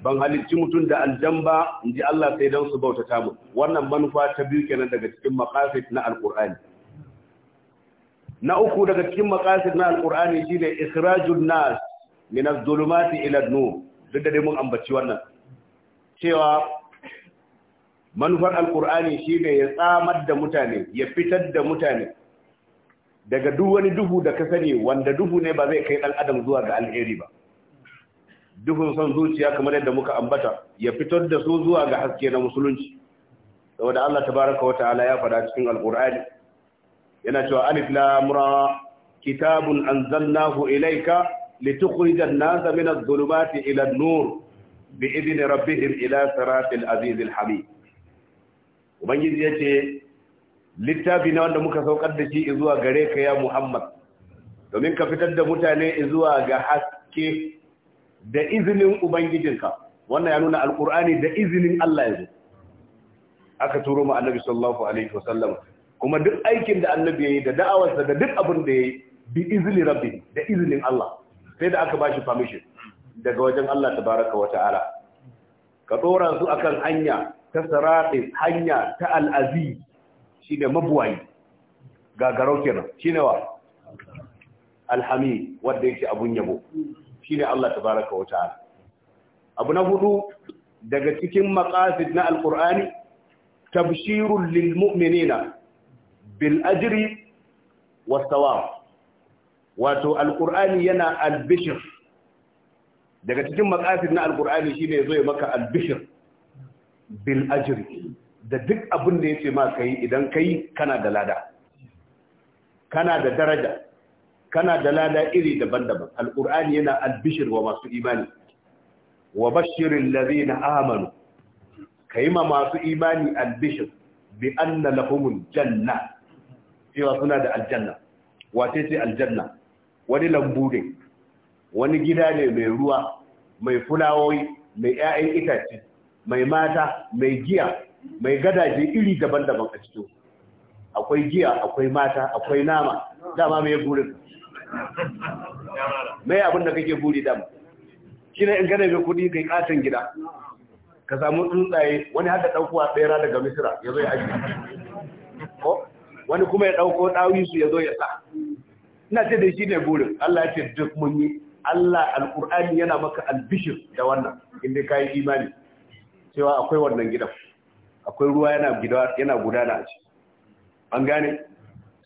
ban halicci mutum da aljamba inji Allah sai dan su bautata mu wannan manufa ta biyu kenan daga cikin maqasid na alqur'ani na uku daga cikin maqasid na alqur'ani shine ikhrajun nas min az-zulumati ila an duk da dai mun ambaci wannan cewa manufar alqur'ani shine ya tsamar da mutane ya fitar da mutane daga duk wani duhu da ka sani wanda duhu ne ba zai kai dan adam zuwa ga alheri ba duhun son zuciya kamar yadda muka ambata ya fitar da su zuwa ga haske na musulunci saboda Allah tabaraka wata'ala ya fada cikin alqur'ani yana cewa alif lam ra kitabun anzalnahu ilayka litukhrijan nasa min adh-dhulumati ila an-nur bi'idni rabbihim ila siratil azizil hamid ubangiji yace littafi na wanda muka saukar da shi zuwa gare ka ya Muhammad domin ka fitar da mutane zuwa ga haske da izinin ubangijinka wannan ya nuna alkur'ani da izinin Allah yazo aka turo mu annabi sallallahu alaihi wasallam kuma duk aikin da Allah annabi yi da da'awarsa da duk abin da ya yi bi izni rabbi da izinin Allah sai da aka bashi permission daga wajen Allah baraka wa ta'ala ka tsora su akan hanya ta sarati hanya ta al'azi shine mabuwayi gagarau kenan shine wa alhami wanda yake abun yabo shine Allah baraka wa ta'ala abu na hudu daga cikin maqasid na alqur'ani tabshirul lilmuminina. bil ajri was-sawab wato alqur'ani yana albishir daga cikin maqasid na alkur'ani shine ne ya maka albishir bil ajiri da duk abin da ce ma yi idan kai kana da lada kana da daraja kana da lada iri daban-daban alqur'ani yana albishir wa masu imani wa bashirin na amanu ka yi ma masu imani albishir bi anna lahumul janna cewa suna da aljanna wace ce aljanna wani lambu ne wani gida ne mai ruwa mai fulawoyi mai ƴaƴan itace mai mata mai giya mai gadaje iri daban-daban a cikin akwai giya akwai mata akwai nama dama mai burin mai abin da kake buri dama shi ne in gane mai kuɗi kai katin gida ka samu tsuntsaye wani har da ɗaukuwa tsera daga misira ya zai aji ko wani kuma ya ɗauko ɗawisu ya zo ya sa ina ce da shi ne burin Allah ya ce duk mun yi Allah al’ur'ani yana maka albishir da wannan inda ka yi imani cewa akwai wannan gidan akwai ruwa yana gudana a ciki an gane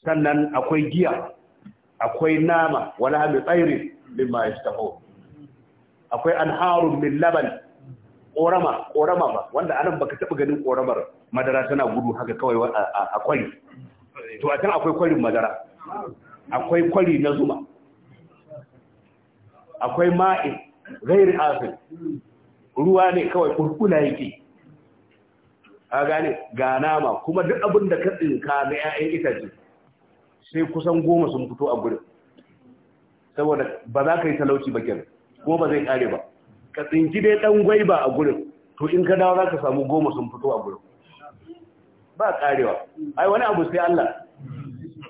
sannan akwai giya akwai nama wani hami tsairi min ma ya akwai alharun min laban ƙorama ƙorama ba wanda anan baka taɓa ganin ƙoramar madara tana gudu haka kawai a kwari to a can akwai kwarin madara akwai kwari na zuma akwai ma'in gairi asin ruwa ne kawai kurkula yake a gane ga nama kuma duk abin da ka tsinka na 'ya'yan itace sai kusan goma sun fito a gurin saboda ba za ka yi talauci ba kenan ko ba zai kare ba ka tsinki dai dan gwaiba a gurin to in ka dawo za ka samu goma sun fito a gurin ba karewa ai wani abu sai Allah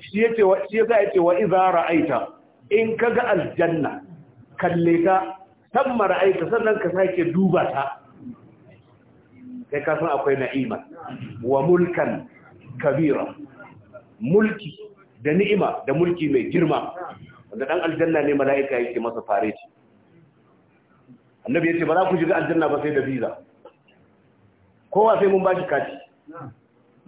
shi yace wa shi yasa yace wa idza ra'aita in kaga aljanna kalle ta tamma ra'aita sannan ka sake duba ta kai ka san akwai na'ima wa mulkan kabira mulki da ni'ima da mulki mai girma wanda dan aljanna ne mala'ika yake masa fareti annabi yace ba za ku shiga aljanna ba sai da visa kowa sai mun ba shi kati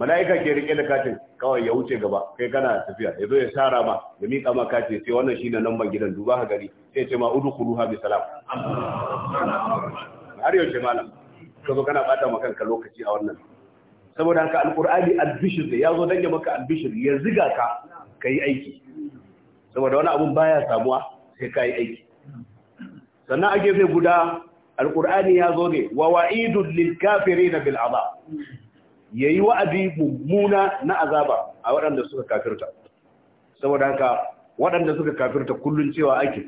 mala'ika ke rike da katin kawai ya wuce gaba kai kana tafiya ya zo ya tara ma ya miƙa ma katin sai wannan shine namban gidan duba ka gari sai ce ma udkhuluha bi salam har yaushe malam ka zo kana bata maka kanka lokaci a wannan saboda haka alqur'ani albishir ya zo dan maka albishir ya ziga ka kai aiki saboda wani abun baya samuwa sai kai aiki sannan a gefe guda alqur'ani ya zo ne wa wa'idul lil kafirin bil azab yayi wa'adi mummuna na azaba a waɗanda suka kafirta saboda haka waɗanda suka kafirta kullum cewa ake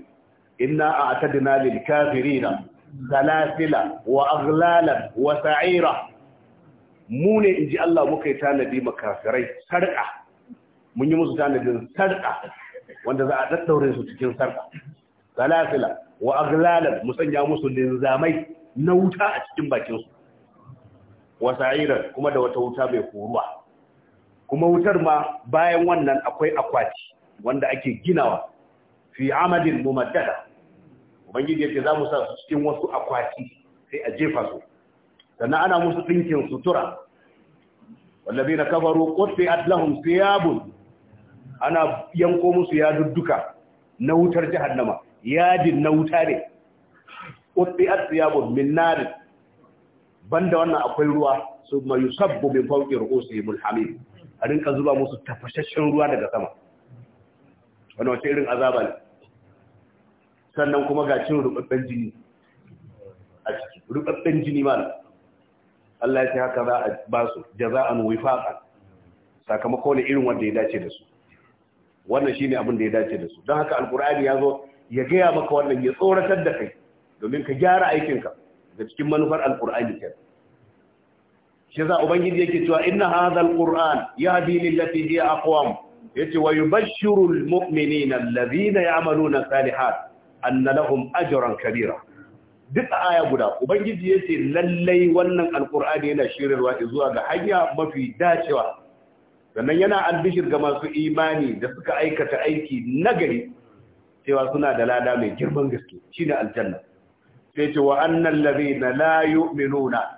a a'tadna lil kafirina salasila wa aghlalan wa sa'ira mu ne inji Allah muka yi tanadi makafirai sarƙa mun yi musu tanadin sarƙa wanda za a su cikin sarƙa salasila wa mu sanya musu linzamai na wuta a cikin bakinsu. wa sa'iran kuma da wata wuta mai horuwa kuma wutar ma bayan wannan akwai akwati wanda ake ginawa fi amadin mumaddada ubangiji yake za mu sa su cikin wasu akwati sai a jefa su sannan ana musu ɗinkin sutura wallabi na kafaru ƙotai adlahum siyabun ana yanko musu yadudduka na wutar jahannama yadin na wuta ne ƙotai atlahun min narin banda wannan akwai ruwa su ma yusabbu min fawqi ru'usihimul hamim a rinka zuba musu tafashashen ruwa daga sama wannan wace irin azaba ne sannan kuma ga cin rubabban jini a ciki rubabban jini ma Allah ya ce haka za a ba su jaza'an wifaqa sakamako ne irin wanda ya dace da su wannan shine abin da ya dace da su don haka alqur'ani ya zo ya gaya maka wannan ya tsoratar da kai domin ka gyara aikinka da cikin manufar alkur'ani kenan shi za ubangiji yake cewa inna hadhal qur'an yahdi lillati hiya aqwam yace wa yubashshiru muminina alladhina ya'maluna salihat anna lahum ajran kabira duk aya guda ubangiji yace lallai wannan alkur'ani yana shirarwa zuwa ga hanya mafi dacewa sannan yana albishir ga masu imani da suka aikata aiki nagari cewa suna da lada mai girman gaske shine aljanna sai ce wa annan lazina la yu'minuna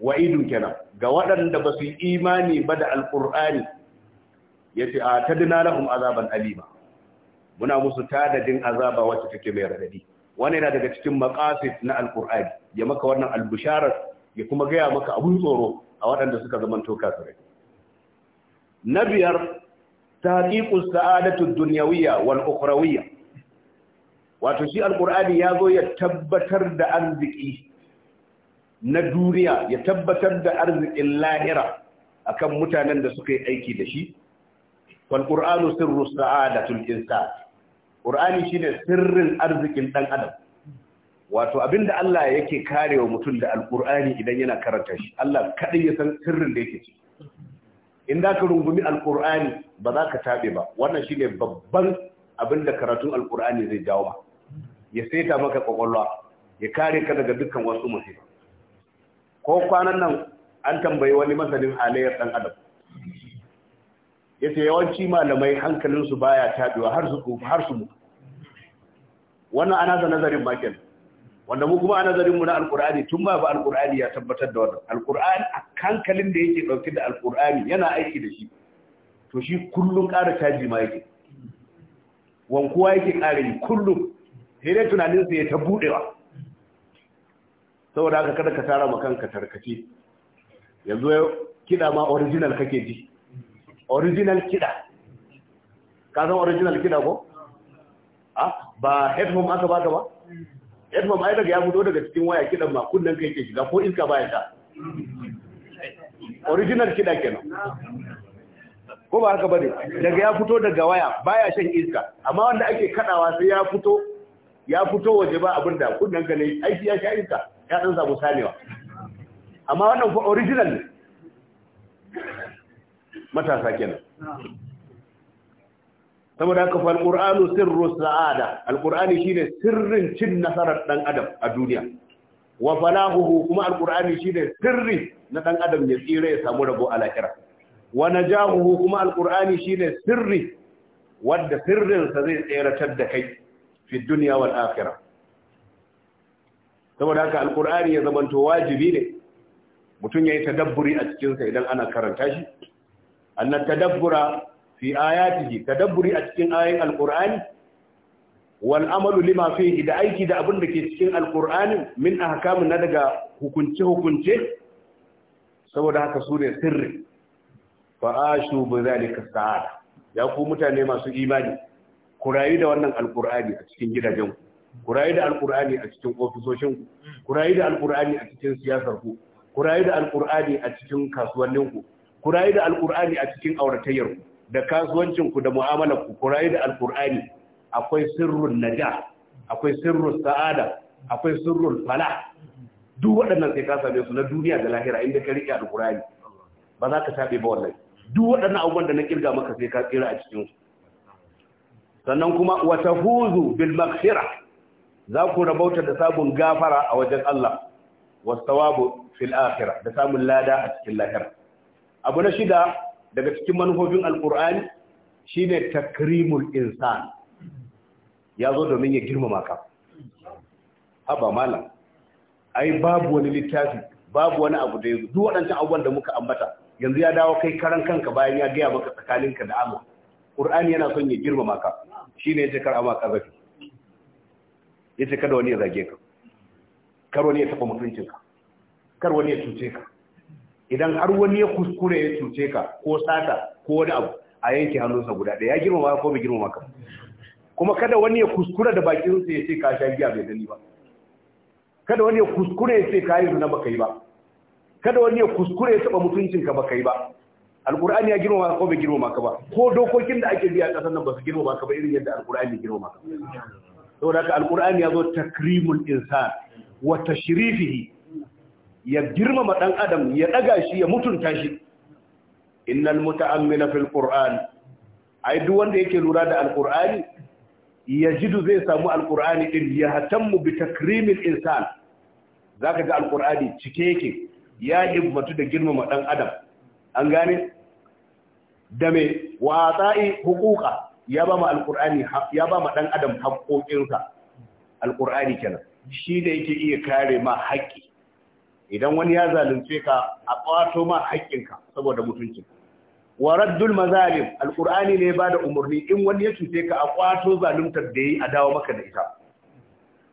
wa idun kenan ga waɗanda ba su yi imani ba da alƙur'ani ya ce a tadina lahum azaban alima muna musu tadadin azaba wacce take mai radadi wani yana daga cikin maqasid na alƙur'ani ya maka wannan albisharar ya kuma gaya maka abun tsoro a waɗanda suka zama su kafirai na biyar taqiqus sa'adatu dunyawiyya wal ukhrawiyya wato shi alkur'ani ya zo ya tabbatar da arziki na duniya ya tabbatar da arzikin lahira akan mutanen da suka yi aiki da shi wal qur'anu sirru sa'adatul insan qur'ani shine sirrin arzikin dan adam wato abinda Allah yake karewa mutum da alkur'ani idan yana karanta shi Allah kadai ya san sirrin da yake ciki in da ka rungumi alkur'ani ba za ka taɓe ba wannan shi ne babban abin da karatun alkur'ani zai jawo ba ya saita maka kwakwalwa ya kare ka daga dukkan wasu musiba ko kwanan nan an tambayi wani masanin halayyar dan adam ya ce yawanci malamai hankalinsu baya taɓewa har su tsufa har su mutu wannan ana da nazarin makin wanda mu kuma a nazarinmu na alkur'ani tun ba ba alkur'ani ya tabbatar da wannan alkur'ani a hankalin da yake ɗauke da alkur'ani yana aiki da shi to shi kullum ƙara caji ma yake wankuwa yake ƙara yi kullum sai dai tunanin ya ta buɗewa saboda haka kada ka tara maka kanka tarkace yanzu kida ma original kake ji original kiɗa ka san original kiɗa ko a ba headphone aka baka ba headphone ai daga ya fito daga cikin waya kiɗan ma kullun kai ke shiga ko iska baya ta original kiɗa kenan ko ba haka bane daga ya fito daga waya baya shan iska amma wanda ake kadawa sai ya fito ya fito waje ba abin da kunnen ka ne aiki ya sha iska ya dan samu sanewa amma wannan fa original ne matasa kenan saboda haka fa alqur'anu sirru sa'ada alqur'ani shine sirrin cin nasarar dan adam a duniya wa falahuhu kuma alqur'ani shine sirri na dan adam ya tsira ya samu rabo a lakira wa najahuhu kuma alqur'ani shine sirri wanda sirrinsa zai tsere tseratar da kai fi duniya wal saboda haka alkur'ani ya zamanto wajibi ne mutum ya yi tadabburi a cikinsa idan ana karanta shi annan tadabbura fi ayatihi tadabburi a cikin ayin alkur'ani wal amalu lima fihi da aiki da abin da ke cikin alkur'ani min ahkamin na daga hukunce hukunce saboda haka su ne sirri fa ashu bi zalika sa'ada ya ku mutane masu imani ku rayu da wannan alkur'ani a cikin gidajen ku rayu da alkur'ani a cikin ofisoshin ku rayu da alkur'ani a cikin siyasar ku ku rayu da alkur'ani a cikin kasuwannin ku ku rayu da alkur'ani a cikin auratayyar ku da kasuwancin ku da mu'amalar ku ku rayu da alkur'ani akwai sirrun naja akwai sirrun sa'ada akwai sirrun falah duk waɗannan sai ka same su na duniya da lahira inda ka riƙe alkur'ani ba za ka tabe ba wallahi duk waɗannan abubuwan da na kirga maka sai ka tsira a cikin su sannan kuma wata huzu bil maghfirah za ku rabauta da sabon gafara a wajen Allah wasawabu fil akhirah da samun lada a cikin lahira abu na shida daga cikin manufofin alqur'ani shine takrimul insan zo domin ya girmama ka haba malam ai babu wani littafi babu wani abu da yanzu duk waɗancan abubuwan da muka ambata yanzu ya dawo kai karan kanka bayan ya gaya maka tsakaninka da Allah Qur'ani yana son ya girmama ka ya kar'a kar zafi. Ya ce kada wani ya zage ka kar wani ya taba mutuncin ka kar wani ya cuce ka idan har wani ya kuskure ya cuce ka ko sata ko wani abu a yanke hannunsa guda ɗaya ya girmama ko bai girmama ka kuma kada wani ya kuskura da bakinsa ya ce ka sha giya bai gani ba kada wani ya kuskure ya ce ka yi zina baka yi ba kada wani ya kuskure ya taba mutuncinka baka yi ba alkur'ani ya girmama ko bai girmama ka ba ko dokokin da ake biya kasan nan ba su girmama ka ba irin yadda alkur'ani ya girmama ka saboda haka alkur'ani ya zo takrimul insan wa tashrifihi ya girmama dan adam ya daga shi ya mutunta shi innal muta'ammila fil qur'an ai duk wanda yake lura da alkur'ani yajidu zai samu alkur'ani din ya hatammu bi takrimil insan zaka ga alkur'ani cike yake ya himmatu da girmama dan adam an gane da me wa ata'i ya ba ma alqur'ani ya ba ma dan adam haƙoƙinsa alqur'ani kenan shi da yake iya kare ma haƙƙi idan wani ya zalunce ka a ƙwato ma haƙƙinka saboda mutuncin wa raddul mazalim alqur'ani ne ba da umarni in wani ya cuce ka a ƙwato zaluntar da yi a dawo maka da ita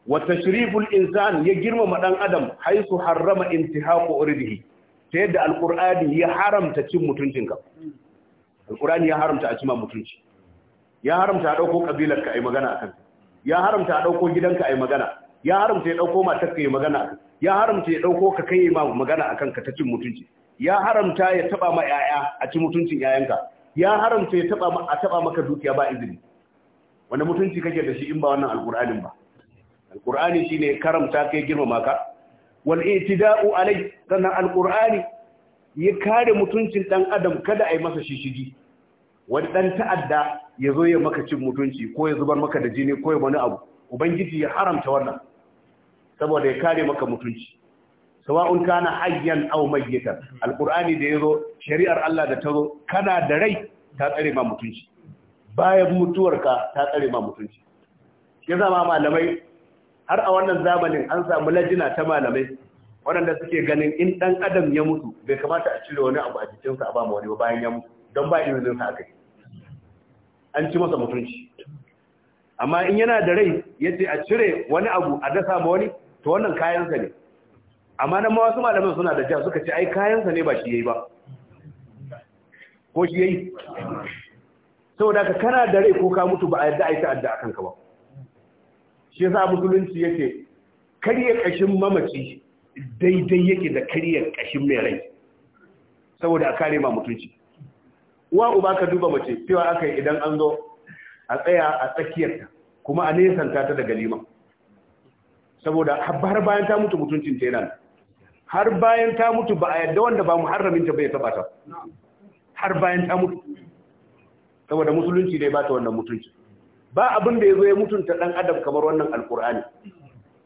wa tashriful insan ya girmama dan adam haisu harrama intihaqu uridihi ta yadda alqur'ani ya haramta cin mutuncinka alqur'ani ya haramta a cima mutunci ya haramta a dauko kabilar ka ai magana akan ya haramta a dauko gidanka ai magana ya haramta ya dauko matar ka ai magana ya haramta ya dauko ka kai ma magana akan ka ta cin mutunci ya haramta ya taba ma yaya a ci mutuncin yayanka ya haramta ya taba a taba maka dukiya ba izini wanda mutunci kake da shi in ba wannan Alƙur'anin ba alqur'ani shine karamta kai girma maka wal itida'u alai sannan Alƙur'ani? ya kare mutuncin ɗan adam kada a yi masa shishigi wani ɗan ta'adda ya zo ya maka cin mutunci ko ya zubar maka da jini ko ya wani abu ubangiji ya haramta wannan saboda ya kare maka mutunci sawa'un kana hayyan aw mayyitan alqur'ani da yazo shari'ar Allah da tazo kana da rai ta tsare ma mutunci bayan mutuwarka ta tsare ma mutunci ya zama malamai har a wannan zamanin an samu lajina ta malamai waɗanda suke ganin in ɗan adam ya mutu bai kamata a cire wani abu a jikinsa a ba wani ba bayan ya mutu don ba izinin sa akai an ci masa mutunci amma in yana da rai yace a cire wani abu a dasa ma wani to wannan kayansa ne amma nan ma wasu malaman suna da ja suka ce ai kayansa ne ba shi yayi ba ko shi yayi saboda ka kana da rai ko ka mutu ba a yadda ai ta'adda akan ka ba shi yasa musulunci yake karye kashin mamaci daidai yake da kariyar kashin mai rai saboda a kare ma mutunci uwa uba ka duba mace cewa aka yi idan an zo a tsaya a tsakiyarta kuma a nesanta ta daga liman saboda har bayan ta mutu mutuncin ta yana har bayan ta mutu ba a yadda wanda ba muharramin ta bai taba ta har bayan ta mutu saboda musulunci dai ba ta wannan mutunci ba abin da ya zo ya mutunta dan adam kamar wannan alkur'ani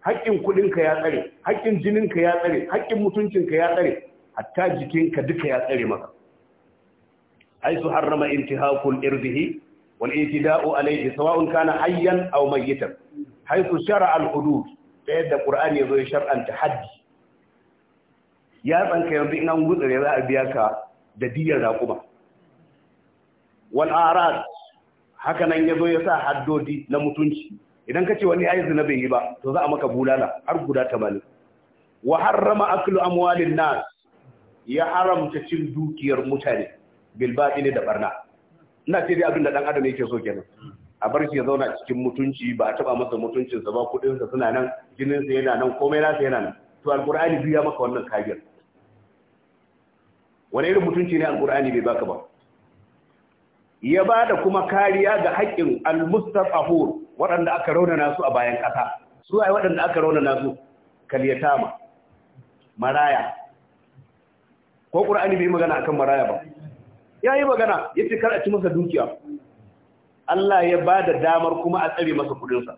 haƙƙin kuɗinka ya tsare haƙƙin jininka ya tsare haƙƙin mutuncinka ya tsare hatta jikinka duka ya tsare maka haisu harrama intihakul irdihi wal itida'u alayhi sawa'un kana hayyan aw mayyitan haythu shar'a al hudud da yadda qur'ani yazo ya shar'anta haddi ya tsanka yanzu in an gutsure za a biya ka da diyar raquba wal arad haka nan yazo ya sa haddodi na mutunci idan ka ce wani yayi zina bai yi ba to za a maka bulala har guda 80 wa harrama aklu amwalin nas ya haramta cin dukiyar mutane bil ne da barna ina ce dai abin da dan adam yake so kenan a bar shi ya zauna cikin mutunci ba a taba masa mutuncinsa ba kudin sa suna nan jinin sa yana nan komai nasa yana nan to alqur'ani biya maka wannan kafir wani irin mutunci ne alqur'ani bai baka ba ya bada kuma kariya ga haƙƙin al-mustafahur waɗanda aka raunana su a bayan ƙasa su ai waɗanda aka raunana su kalyatama maraya ko ƙur'ani bai magana akan maraya ba yayi magana ya ce kar a ci masa dukiya Allah ya ba da damar kuma a tsare masa sa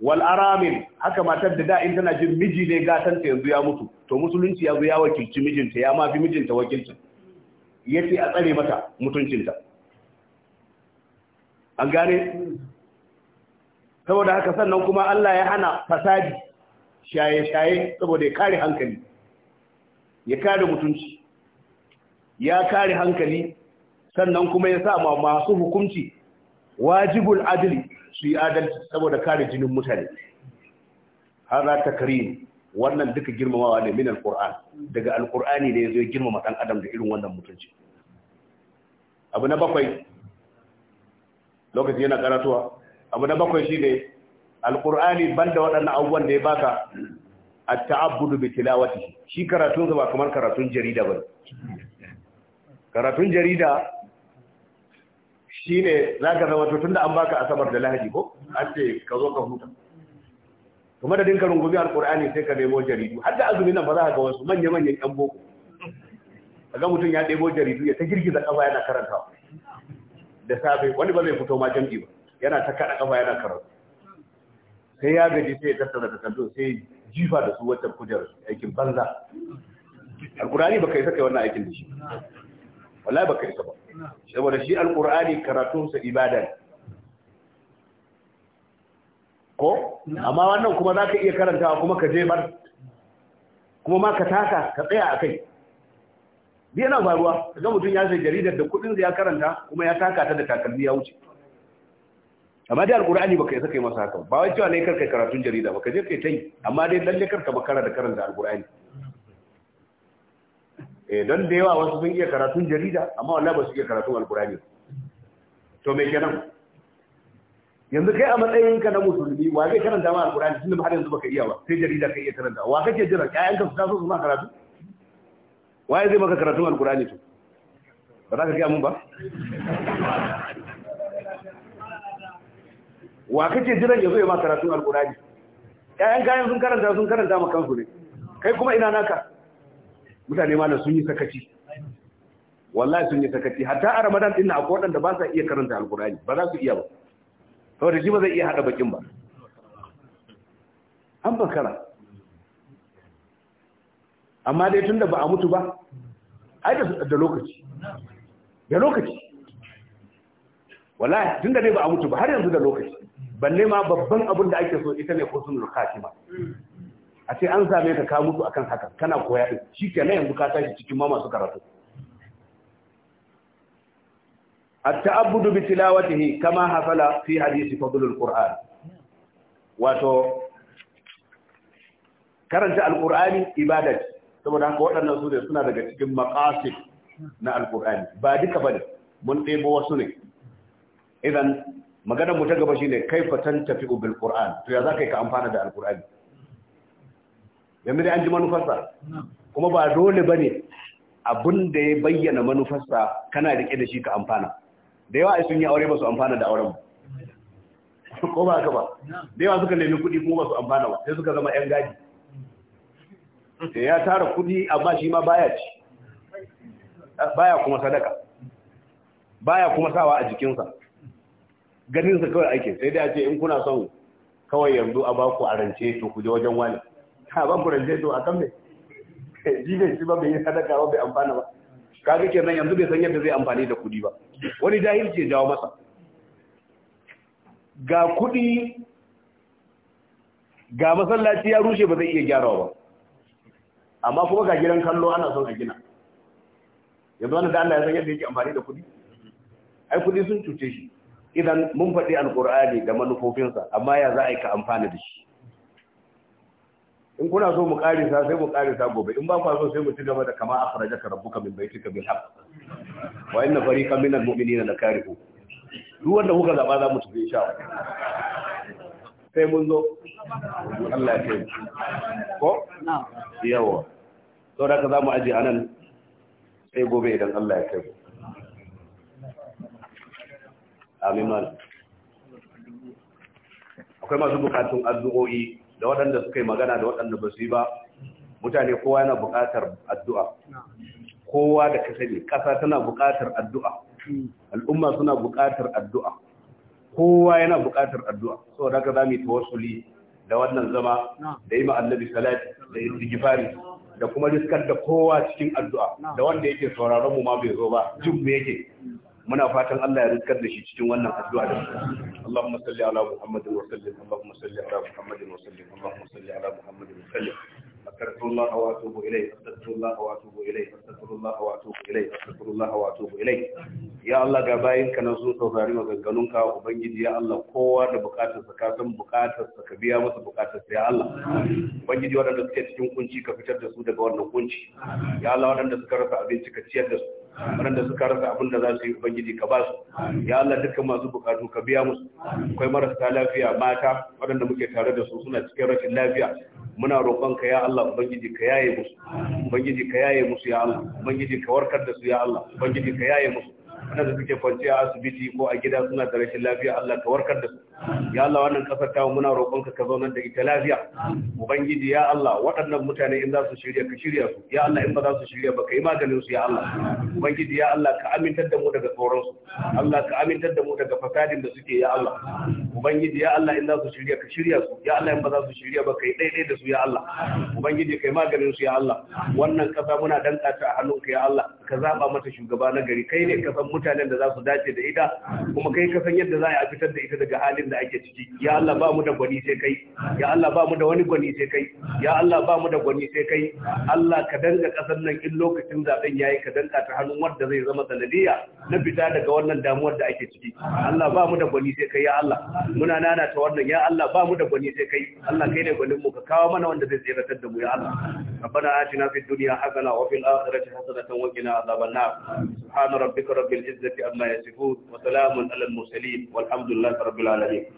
wal aramin haka matar da in tana jin miji ne ta yanzu ya mutu to musulunci ya zo ya wakilci mijinta ya ma mijinta wakilcin ya a tsare mata mutuncinta an gane saboda haka sannan kuma Allah ya hana fasadi shaye-shaye saboda ya kare hankali ya kare mutunci ya kare hankali sannan kuma ya sa masu hukunci wajibul adli su yi adalci saboda kare jinin mutane hada takrim wannan duka girmamawa ne min alquran daga alqurani ne yazo girmama dan adam da irin wannan mutunci abu na bakwai lokaci yana karatuwa abu na bakwai shine ban da waɗannan abubuwan da ya baka a ta'abudu bi tilawati shi karatun ba kamar karatun jarida ba karatun jarida shine ka zama tutun da an baka asabar da lahaji ko an ce ka zo ka huta kuma da dinka rungumi Alƙur'ani sai ka nemo jaridu har da azumi nan ba za ka ga wasu manya manyan yan boko A ga mutum ya ɗebo jaridu ya ta girgiza kafa yana karantawa da safe wani ba zai fito ma jam'i ba yana ta kaɗa ƙafa yana karatu sai ya gaji sai ya tattara takardu sai jifa da su wata kujar aikin banza alkurani baka isa kai wannan aikin da shi wallahi baka isa ba saboda shi alkurani karatunsa ibada ne ko amma wannan kuma za ka iya karantawa kuma ka jefar kuma ma ka taka ka tsaya a kai biya na faruwa ga mutum ya sai jaridar da kudin ya karanta kuma ya taka ta da takalmi ya wuce amma dai alkur'ani baka isa kai masa haka ba wai cewa ne karka karatun jarida baka je kai tai amma dai lalle karka makara da karanta alkur'ani eh don da yawa wasu sun iya karatun jarida amma wallahi ba su iya karatun alkur'ani to me kenan yanzu kai a matsayin ka na musulmi wa kai karanta ma alkur'ani tunda har yanzu baka iya ba sai jarida kai iya karanta wa kake jira ƴaƴan ka su taso su ma karatu waye zai maka karatun alkur'ani to ba za ka ga mun ba wa kake jiran ya zo ya ma karatun alkurani ƴaƴan kayan sun karanta sun karanta ma kansu ne kai kuma ina naka mutane ma sun yi sakaci wallahi sun yi sakaci hatta a ramadan din na akwai wadanda ba sa iya karanta alqurani ba za su iya ba saboda shi ba zai iya hada bakin ba an bakara amma dai tunda ba a mutu ba ai da lokaci da lokaci wallahi tunda dai ba a mutu ba har yanzu da lokaci balle ma babban abin da ake so ita ne husnul katima. a ce an same ka ka mutu akan haka kana koya din nan yanzu ka tashi cikin ma masu karatu at abudu bi tilawatihi kama hafala fi hadisi fadlul qur'an wato karanta alqur'ani ibada saboda haka waɗannan su ne suna daga cikin maqasid na alqur'ani ba duka bane mun ɗebo wasu ne idan maganar mu ta gaba shine kaifa tantafi'u bil qur'an to ya zaka yi ka amfana da alqur'ani yanzu dai an ji manufarsa kuma ba dole bane abin da ya bayyana manufarsa kana rike da shi ka amfana da yawa sun yi aure ba su amfana da auren ko ba ka ba da yawa suka nemi kuɗi kuma ba su amfana ba sai suka zama yan gadi ya tara kuɗi amma shi ma baya ci baya kuma sadaka baya kuma sawa a jikinsa ganin sa kawai ake sai dai a ce in kuna son kawai yanzu a baku a rance to ku je wajen wani ha ba ku rance to akan me jibe shi ba bai yi sadaka ba bai amfana ba kaga kenan yanzu bai san yadda zai amfani da kudi ba wani jahilci ya jawo masa ga kudi ga masallaci ya rushe ba zai iya gyarawa ba amma kuma ga gidan kallo ana son a gina yanzu wani da Allah ya san yadda yake amfani da kudi ai kudi sun cuce shi idan mun faɗi Alƙur'ani da manufofinsa amma ya za a yi ka amfani da shi in kuna so mu ƙarisa sai mu ƙarisa gobe in ba ku so sai mu ci gaba da kama a akhrajaka ka min bai cika bil haqq wa inna fariqan minal mu'minina lakarihu duk wanda kuka zaba za mu tafi insha Allah sai mun zo Allah ya kai ko na'am yawa to da ka za mu aje anan sai gobe idan Allah ya kai amin akwai masu bukatun addu'o'i da waɗanda suka yi magana da waɗanda ba su yi ba mutane kowa yana buƙatar addu'a kowa da kasani. ƙasa tana buƙatar addu'a al'umma suna bukatar addu'a kowa yana bukatar addu'a so da ka zami tawassuli da wannan zama da yi annabi salati da rigifari da kuma riskar da kowa cikin addu'a da wanda yake sauraron mu ma bai zo ba jin mu yake muna fatan Allah ya rikar da shi cikin wannan addu'a da Allahumma salli ala Muhammad wa sallim Allahumma salli ala Muhammad wa sallim Allahumma salli ala Muhammad wa sallim astaghfirullah wa atubu ilayh astaghfirullah wa atubu ilayh astaghfirullah wa atubu ilayh astaghfirullah wa atubu ilayh ya Allah ga bayin ka nan sun saurari maganganun ka ubangiji ya Allah kowa da bukatar sa ka san bukatar sa ka biya masa bukatar sa ya Allah ubangiji waɗanda suke cikin kunci ka fitar da su daga wannan kunci ya Allah waɗanda suka rasa abinci ka ciyar da su waɗanda suka rasa abin da za su yi ubangiji ka ba su ya Allah dukkan masu bukatu ka biya musu akwai marasa lafiya mata waɗanda muke tare da su suna cikin rashin lafiya muna roƙon ka ya Allah ubangiji ka yaye musu ubangiji ka yaye musu ya Allah ubangiji ka warkar da su ya Allah ubangiji ka yaye musu waɗanda suke kwanci a asibiti ko a gida suna da rashin lafiya Allah ka warkar da su ya Allah wannan kasar ta muna roƙonka ka nan da ita lafiya ubangiji ya Allah waɗannan mutane in za su shirya ka shirya su ya Allah in ba za su shirya ba ka yi maganin su ya Allah ubangiji ya Allah ka amintar da mu daga tsoron su Allah ka amintar da mu daga fasadin da suke ya Allah ubangiji ya Allah in za su shirya ka shirya su ya Allah in ba za su shirya ba ka yi daidai da su ya Allah ubangiji kai maganin su ya Allah wannan kasa muna danka ta a hannunka ya Allah ka zaba mata shugaba na gari kai ne ka san mutanen da za su dace da ita kuma kai ka san yadda za a fitar da ita daga halin da ake ciki ya Allah ba mu da gwani sai kai ya Allah ba mu da wani gwani sai kai ya Allah ba mu da gwani sai kai Allah ka danga kasar nan in lokacin zaben yayi ka danga ta hannun wanda zai zama sanadiya na fita daga wannan damuwar da ake ciki Allah ba mu da gwani sai kai ya Allah muna nana ta wannan ya Allah ba mu da gwani sai kai Allah kai ne gwanin mu ka kawo mana wanda zai tsiratar da mu ya Allah rabbana atina fid dunya hasana wa fil akhirati hasanatan wa qina adhaban nar subhana rabbika rabbil العزة أما يصفون وسلام على المرسلين والحمد لله رب العالمين